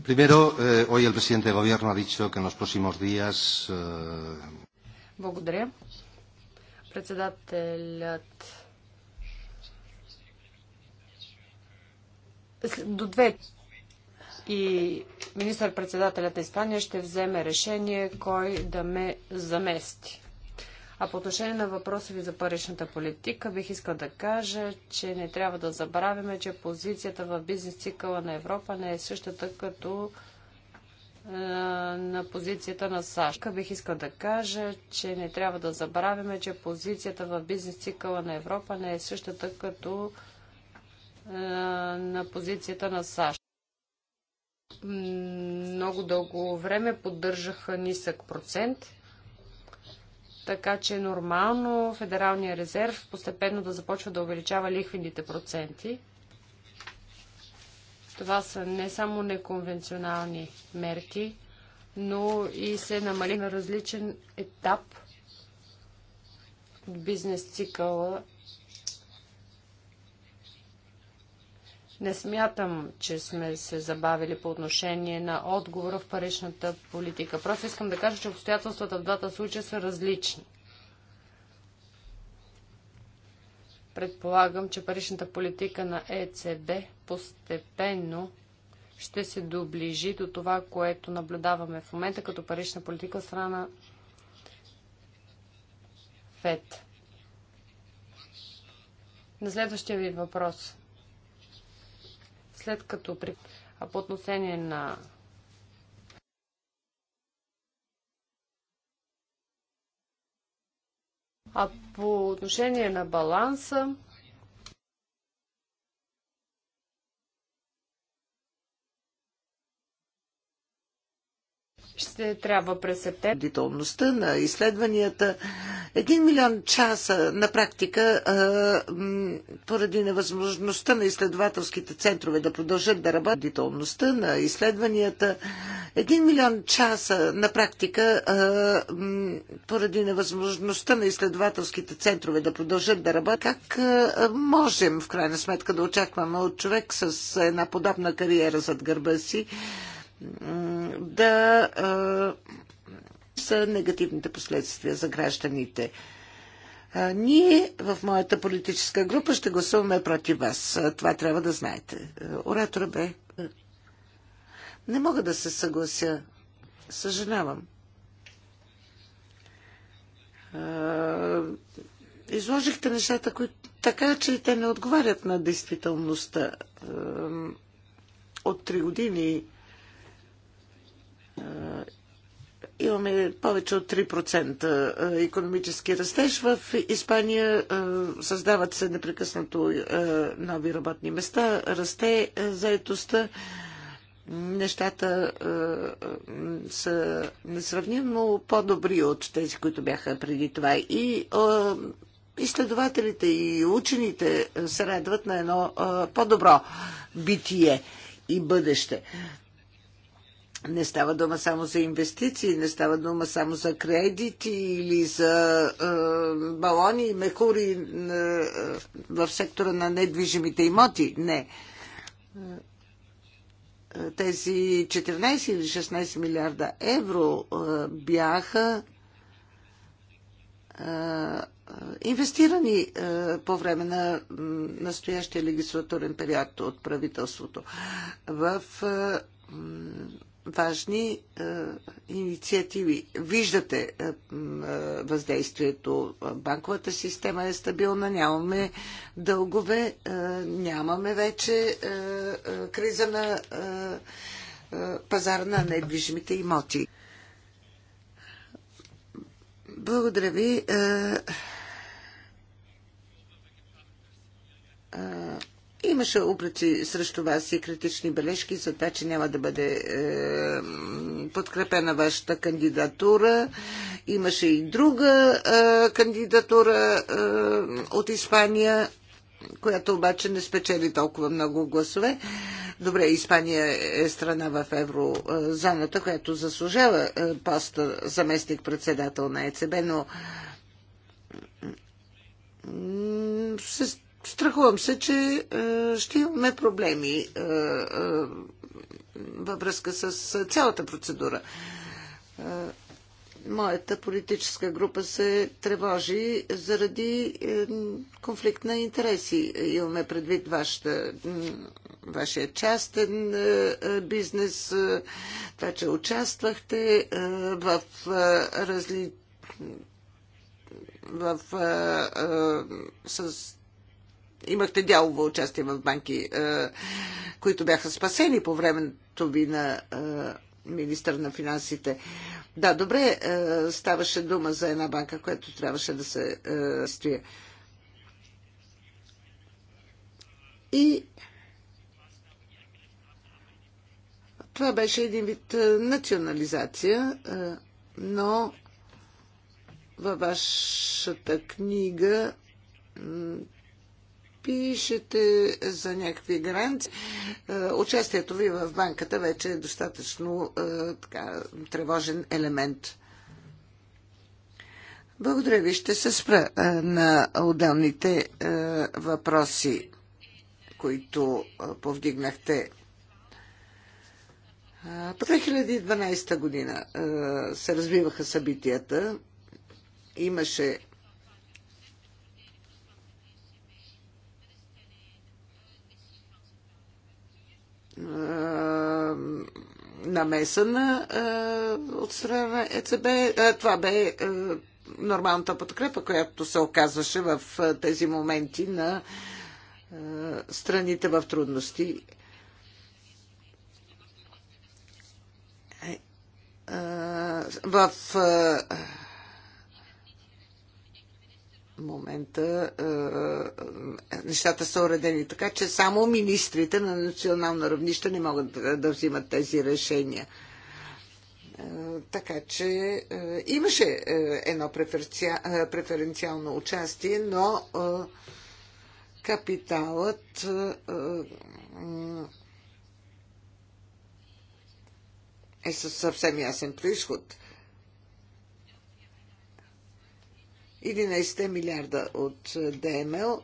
Primero, eh, hoy el presidente gobierno ha dicho que en los próximos días. Eh... Благодаря. Председателят. До две и министър-председателят на Испания ще вземе решение кой да ме замести. А по отношение на въпроса ви за паричната политика, бих искал да кажа, че не трябва да забравяме, че позицията в бизнес цикъла на Европа не е същата като е, на позицията на САЩ. Бих искал да кажа, че не трябва да забравяме, че позицията в бизнес цикъла на Европа не е същата като е, на позицията на САЩ. Много дълго време поддържаха нисък процент, така че е нормално Федералния резерв постепенно да започва да увеличава лихвените проценти. Това са не само неконвенционални мерки, но и се намали на различен етап от бизнес цикъла. Не смятам, че сме се забавили по отношение на отговора в паричната политика. Просто искам да кажа, че обстоятелствата в двата случая са различни. Предполагам, че паричната политика на ЕЦБ постепенно ще се доближи до това, което наблюдаваме в момента като парична политика от страна на ФЕД. На следващия ви въпрос. След като при... А по отношение на А по отношение на баланса, ще трябва през септември. Дителността на изследванията. Един милион часа на практика поради невъзможността на изследователските центрове да продължат да работят. Дителността на изследванията. Един милион часа на практика, поради невъзможността на изследователските центрове да продължат да работят, как можем в крайна сметка да очакваме от човек с една подобна кариера зад гърба си да са негативните последствия за гражданите? Ние в моята политическа група ще гласуваме против вас. Това трябва да знаете. Оратора бе не мога да се съглася. Съжалявам. Изложихте нещата, които така, че те не отговарят на действителността. От три години имаме повече от 3% економически растеж. В Испания създават се непрекъснато нови работни места, расте заедостта нещата а, е, е, са несравнимо по-добри от тези, които бяха преди това. И а, е, изследователите и учените се радват на едно по-добро битие и бъдеще. Не става дума само за инвестиции, не става дума само за кредити или за е, балони и мехури е, в сектора на недвижимите имоти. Не тези 14 или 16 милиарда евро бяха инвестирани по време на настоящия легислатурен период от правителството в важни е, инициативи. Виждате е, е, въздействието. Банковата система е стабилна, нямаме дългове, нямаме вече криза на пазара на недвижимите имоти. Благодаря ви. Имаше упреци срещу вас и критични бележки за това, че няма да бъде е, подкрепена вашата кандидатура. Имаше и друга е, кандидатура е, от Испания, която обаче не спечели толкова много гласове. Добре, Испания е страна в еврозоната, която заслужава е, поста заместник-председател на ЕЦБ, но страхувам се, че е, ще имаме проблеми е, е, във връзка с цялата процедура. Моята политическа група се тревожи заради конфликт на интереси. Имаме предвид вашата, вашия частен бизнес, това, че участвахте в разли... в, с имахте дялово участие в банки, е, които бяха спасени по времето ви на е, министър на финансите. Да, добре, е, ставаше дума за една банка, която трябваше да се стои. И това беше един вид национализация, но във вашата книга пишете за някакви гаранции. Е, участието ви в банката вече е достатъчно е, така, тревожен елемент. Благодаря ви. Ще се спра е, на отделните въпроси, които повдигнахте. По 2012 година се развиваха събитията. Имаше Е, намеса на, е, от страна на ЕЦБ. Е, това бе нормалната подкрепа, която се оказваше в тези моменти на страните в трудности. В момента е, е, нещата са уредени така, че само министрите на национално равнище не могат да взимат тези решения е, така че имаше едно преференциално участие, но капиталът е със съвсем ясен происход – 11 милиарда от е, ДМЛ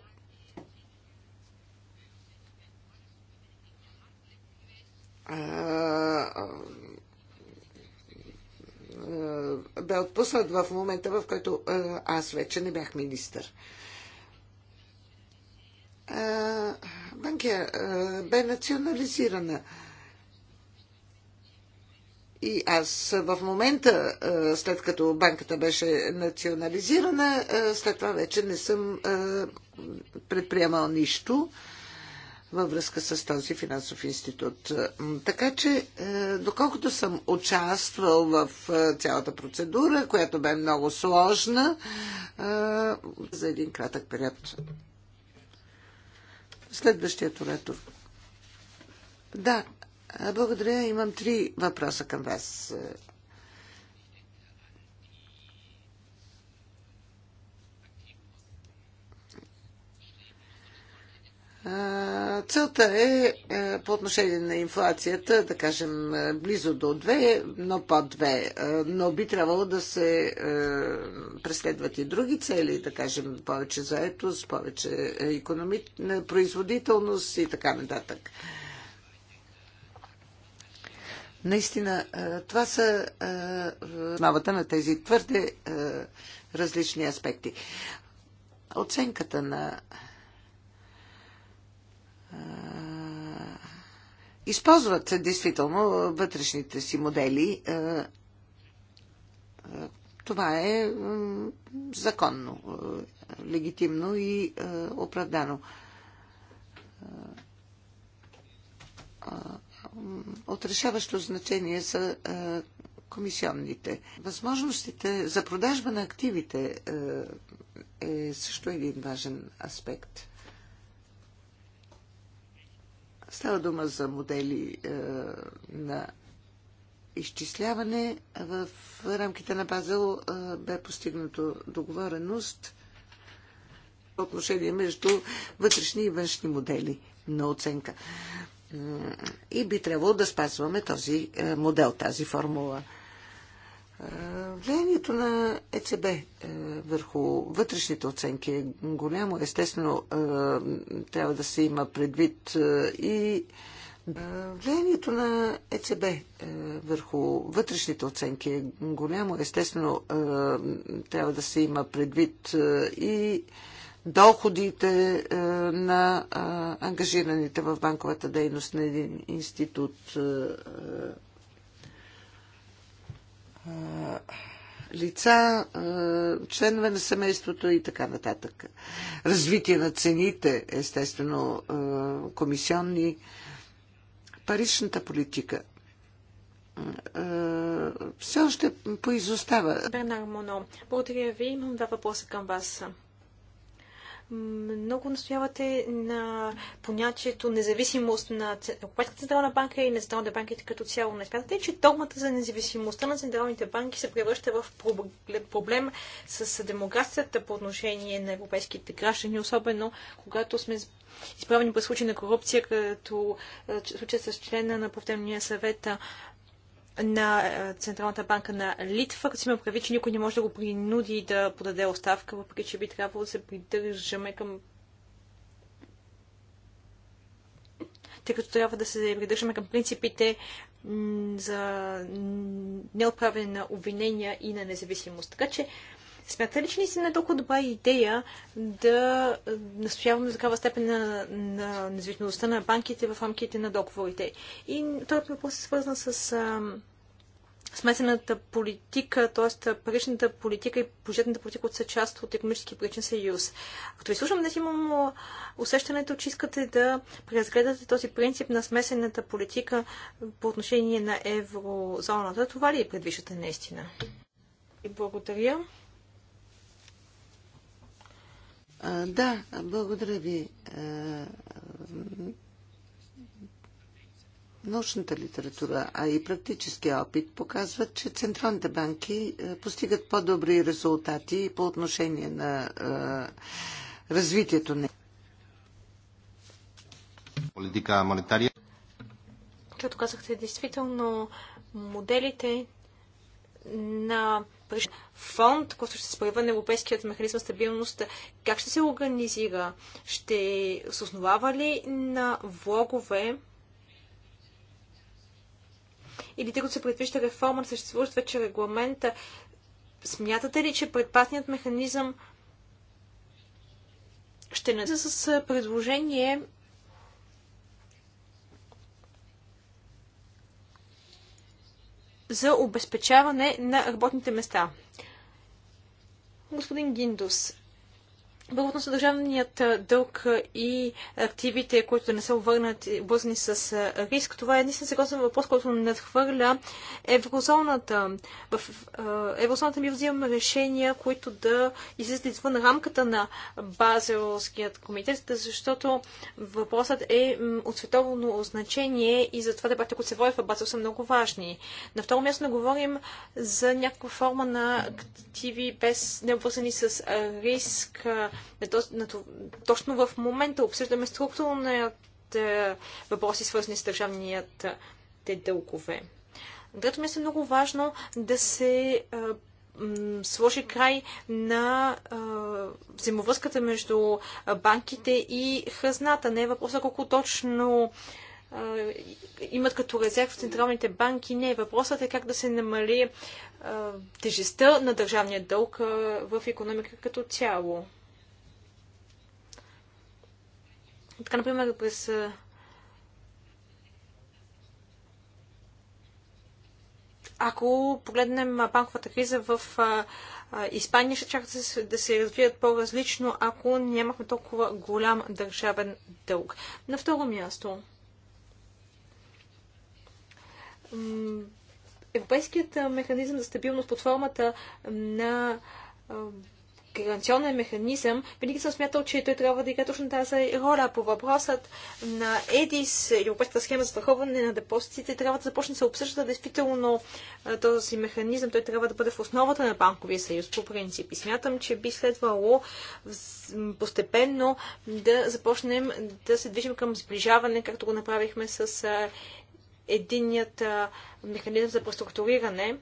бе отпуснат в момента, в който е, аз вече не бях министър. Банкия е, бе национализирана. И аз в момента, след като банката беше национализирана, след това вече не съм предприемал нищо във връзка с този финансов институт. Така че, доколкото съм участвал в цялата процедура, която бе много сложна, за един кратък период. Следващия туретор. Да, благодаря. Имам три въпроса към вас. Целта е, е по отношение на инфлацията, да кажем, е, близо до 2, но под 2. Е, но би трябвало да се преследват и други цели, да кажем, повече заетост, повече економи... производителност и така нататък. Наистина, това са основата на тези твърде различни аспекти. Оценката на използват се действително вътрешните си модели. Това е законно, легитимно и оправдано отрешаващо значение за е, комисионните. Възможностите за продажба на активите е, е също един важен аспект. Става дума за модели е, на изчисляване. В рамките на Базел бе постигнато договореност по отношение между вътрешни и външни модели на оценка и би трябвало да спазваме този е, модел, тази формула. Е, влиянието на ЕЦБ е, върху вътрешните оценки е голямо. Естествено, трябва да се има предвид и Влиянието на ЕЦБ върху вътрешните оценки е голямо. Естествено, трябва да се има предвид и доходите е, на е, ангажираните в банковата дейност на един институт е, лица, членове на семейството и така нататък. Развитие на цените, естествено, комисионни, паричната политика все още поизостава. Бернар Моно, благодаря ви. Имам два въпроса към вас. Много настоявате на понятието независимост на Европейската централна банка и на централните банки като цяло. Не смятате, че догмата за независимостта на централните банки се превръща в проблем с демокрацията по отношение на европейските граждани, особено когато сме изправени през случай на корупция, като случая с члена на Повтемния съвет на е, Централната банка на Литва, като си има прави, че никой не може да го принуди да подаде оставка, въпреки че би трябвало да се придържаме към тъй като трябва да се придържаме към принципите за неотправяне на обвинения и на независимост. Така че Смятате ли, че наистина е толкова добра идея да настояваме за такава степен на, на независимостта на банките в рамките на договорите? И този въпрос е свързан с а, смесената политика, т.е. паричната политика и бюджетната политика, които са част от економически причин съюз. Като ви слушам, днес имам усещането, че искате да преразгледате този принцип на смесената политика по отношение на еврозоната. Това ли предвиждате наистина? И благодаря. Да, благодаря ви. Научната литература, а и практическия опит показват, че централните банки постигат по-добри резултати по отношение на развитието на политика монетария. Както казахте, действително моделите на фонд, който ще се поява на Европейският механизъм стабилност, как ще се организира? Ще се основава ли на влогове? Или тъй като се предвижда реформа на съществуващ вече регламента, смятате ли, че предпасният механизъм ще не с предложение за обезпечаване на работните места. Господин Гиндус, Върхотно съдържавният дълг и активите, които не са обвърнати, обвързани с риск, това е единствен сериозен въпрос, който надхвърля еврозоната. В еврозоната ми взимаме решения, които да излизат извън рамката на Базелският комитет, защото въпросът е от световно значение и затова дебатите, които се водят в Базел, са много важни. На второ място не говорим за някаква форма на активи без необвързани с риск точно в момента обсъждаме структурните е, въпроси, свързани с държавният е, дългове. Трето място е много важно да се е, сложи край на а, взаимовръзката между банките и хазната. Не е въпроса колко точно а, имат като резерв в централните банки. Не, въпросът е как да се намали а, тежестта на държавния дълг а, в економика като цяло. Така, например, през ако погледнем банковата криза в Испания, ще чакат да се развият по-различно, ако нямахме толкова голям държавен дълг. На второ място. Европейският механизъм за стабилност под формата на гаранционен механизъм, винаги съм смятал, че той трябва да играе точно тази роля. По въпросът на ЕДИС или Европейската схема за страховане на депозитите, трябва да започне да се обсъжда действително този механизъм. Той трябва да бъде в основата на банковия съюз по принцип. И смятам, че би следвало постепенно да започнем да се движим към сближаване, както го направихме с единият механизъм за преструктуриране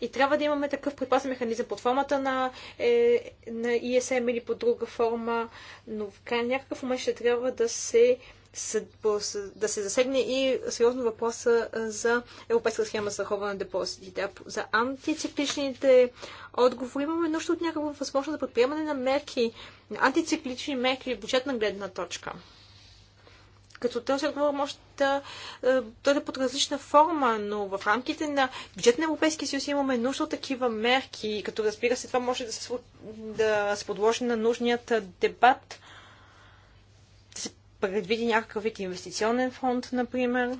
и трябва да имаме такъв предпазен механизъм под формата на, е, на ESM или под друга форма, но в край някакъв момент ще трябва да се да се засегне и сериозно въпроса за европейска схема за хора на депозитите. За антицикличните отговори имаме нужда от някаква възможност за да предприемане на мерки, антициклични мерки в бюджетна гледна точка като този отговор може да е, дойде под различна форма, но в рамките на бюджет на Европейския съюз имаме нужда от такива мерки, като разбира се, това може да се, да се подложи на нужният дебат, да се предвиди някакъв вид инвестиционен фонд, например.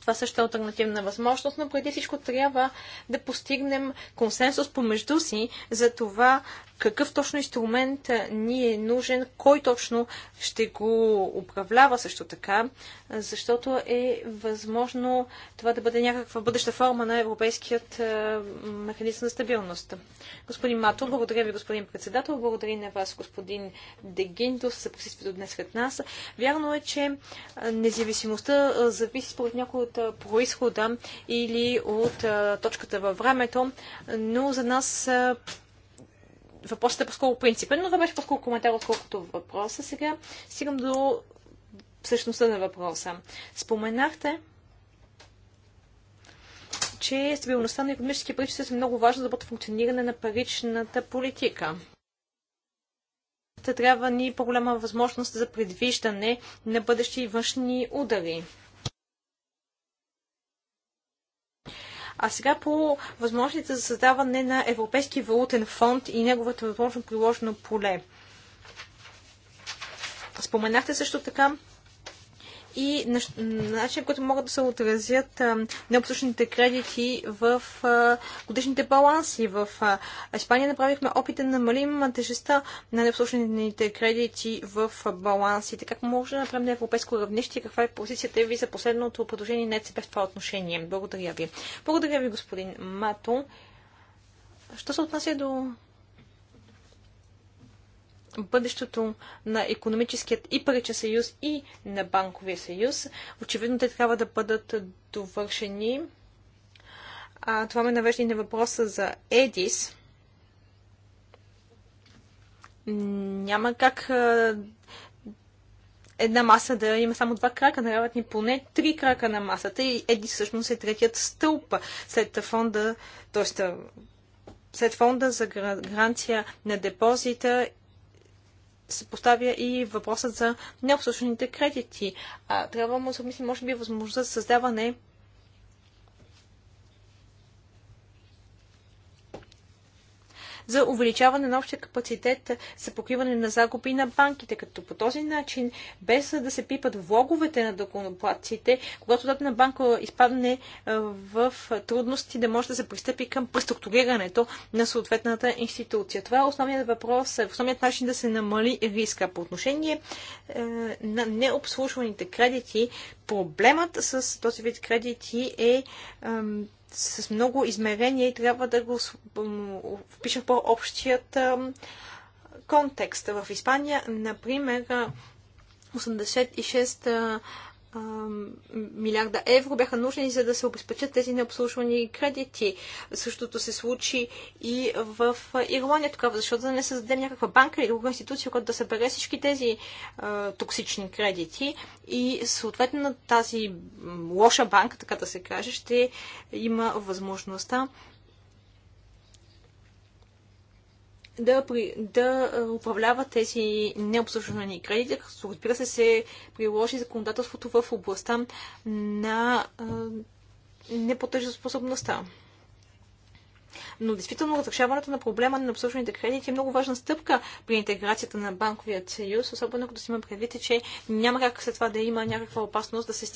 това също е альтернативна възможност, но преди всичко трябва да постигнем консенсус помежду си за това какъв точно инструмент ни е нужен, кой точно ще го управлява също така, защото е възможно това да бъде някаква бъдеща форма на европейският механизъм за стабилност. Господин Матур, благодаря ви, господин председател, благодаря на вас, господин Дегиндос, за присъствието днес сред нас. Вярно е, че независимостта зависи според някои от происхода или от точката във времето, но за нас въпросът е по-скоро принципен, но това беше по-скоро коментар, отколкото въпроса. Сега стигам до същността на въпроса. Споменахте, че стабилността на економическия политик е много важна за доброто функциониране на паричната политика. трябва ни по-голяма възможност за предвиждане на бъдещи външни удари. А сега по възможността за създаване на Европейски валутен фонд и неговото възможно приложено поле. Споменахте също така и начин, който могат да се отразят необслужените кредити в годишните баланси. В Испания направихме опита да намалим тежестта на необслужените кредити в балансите. Как може да направим на европейско равнище и каква е позицията ви за последното предложение на ЕЦБ в това отношение? Благодаря ви. Благодаря ви, господин Мато. Що се отнася до бъдещето на економическият и паричен съюз и на банковия съюз. Очевидно те трябва да бъдат довършени. А, това ме навежда и на въпроса за ЕДИС. Няма как една маса да има само два крака, трябват ни поне три крака на масата и ЕДИС всъщност е третият стълб след фонда, т.е. след фонда за гаранция на депозита се поставя и въпросът за необслужените кредити. А, трябва да се обмисли, може би, възможността за създаване за увеличаване на общия капацитет за покриване на загуби на банките, като по този начин, без да се пипат влоговете на доконоплатците, когато дадена банка изпадне в трудности, да може да се пристъпи към преструктурирането на съответната институция. Това е основният въпрос, е основният начин да се намали риска. По отношение е, на необслужваните кредити, проблемът с този вид кредити е с много измерения и трябва да го впишем по-общият контекст. В Испания, например, 86 милиарда евро бяха нужни, за да се обезпечат тези необслужвани кредити. Същото се случи и в Ирландия тогава, защото да не създадем някаква банка или друга институция, която да събере всички тези а, токсични кредити и съответно тази лоша банка, така да се каже, ще има възможността да, при, да е, управлява тези необслужвани кредити, като разбира се се приложи законодателството в областта на е, непотъжеспособността. Но действително разрешаването на проблема на обслужваните кредити е много важна стъпка при интеграцията на банковият съюз, особено като си има предвид, че няма как след това да има някаква опасност да се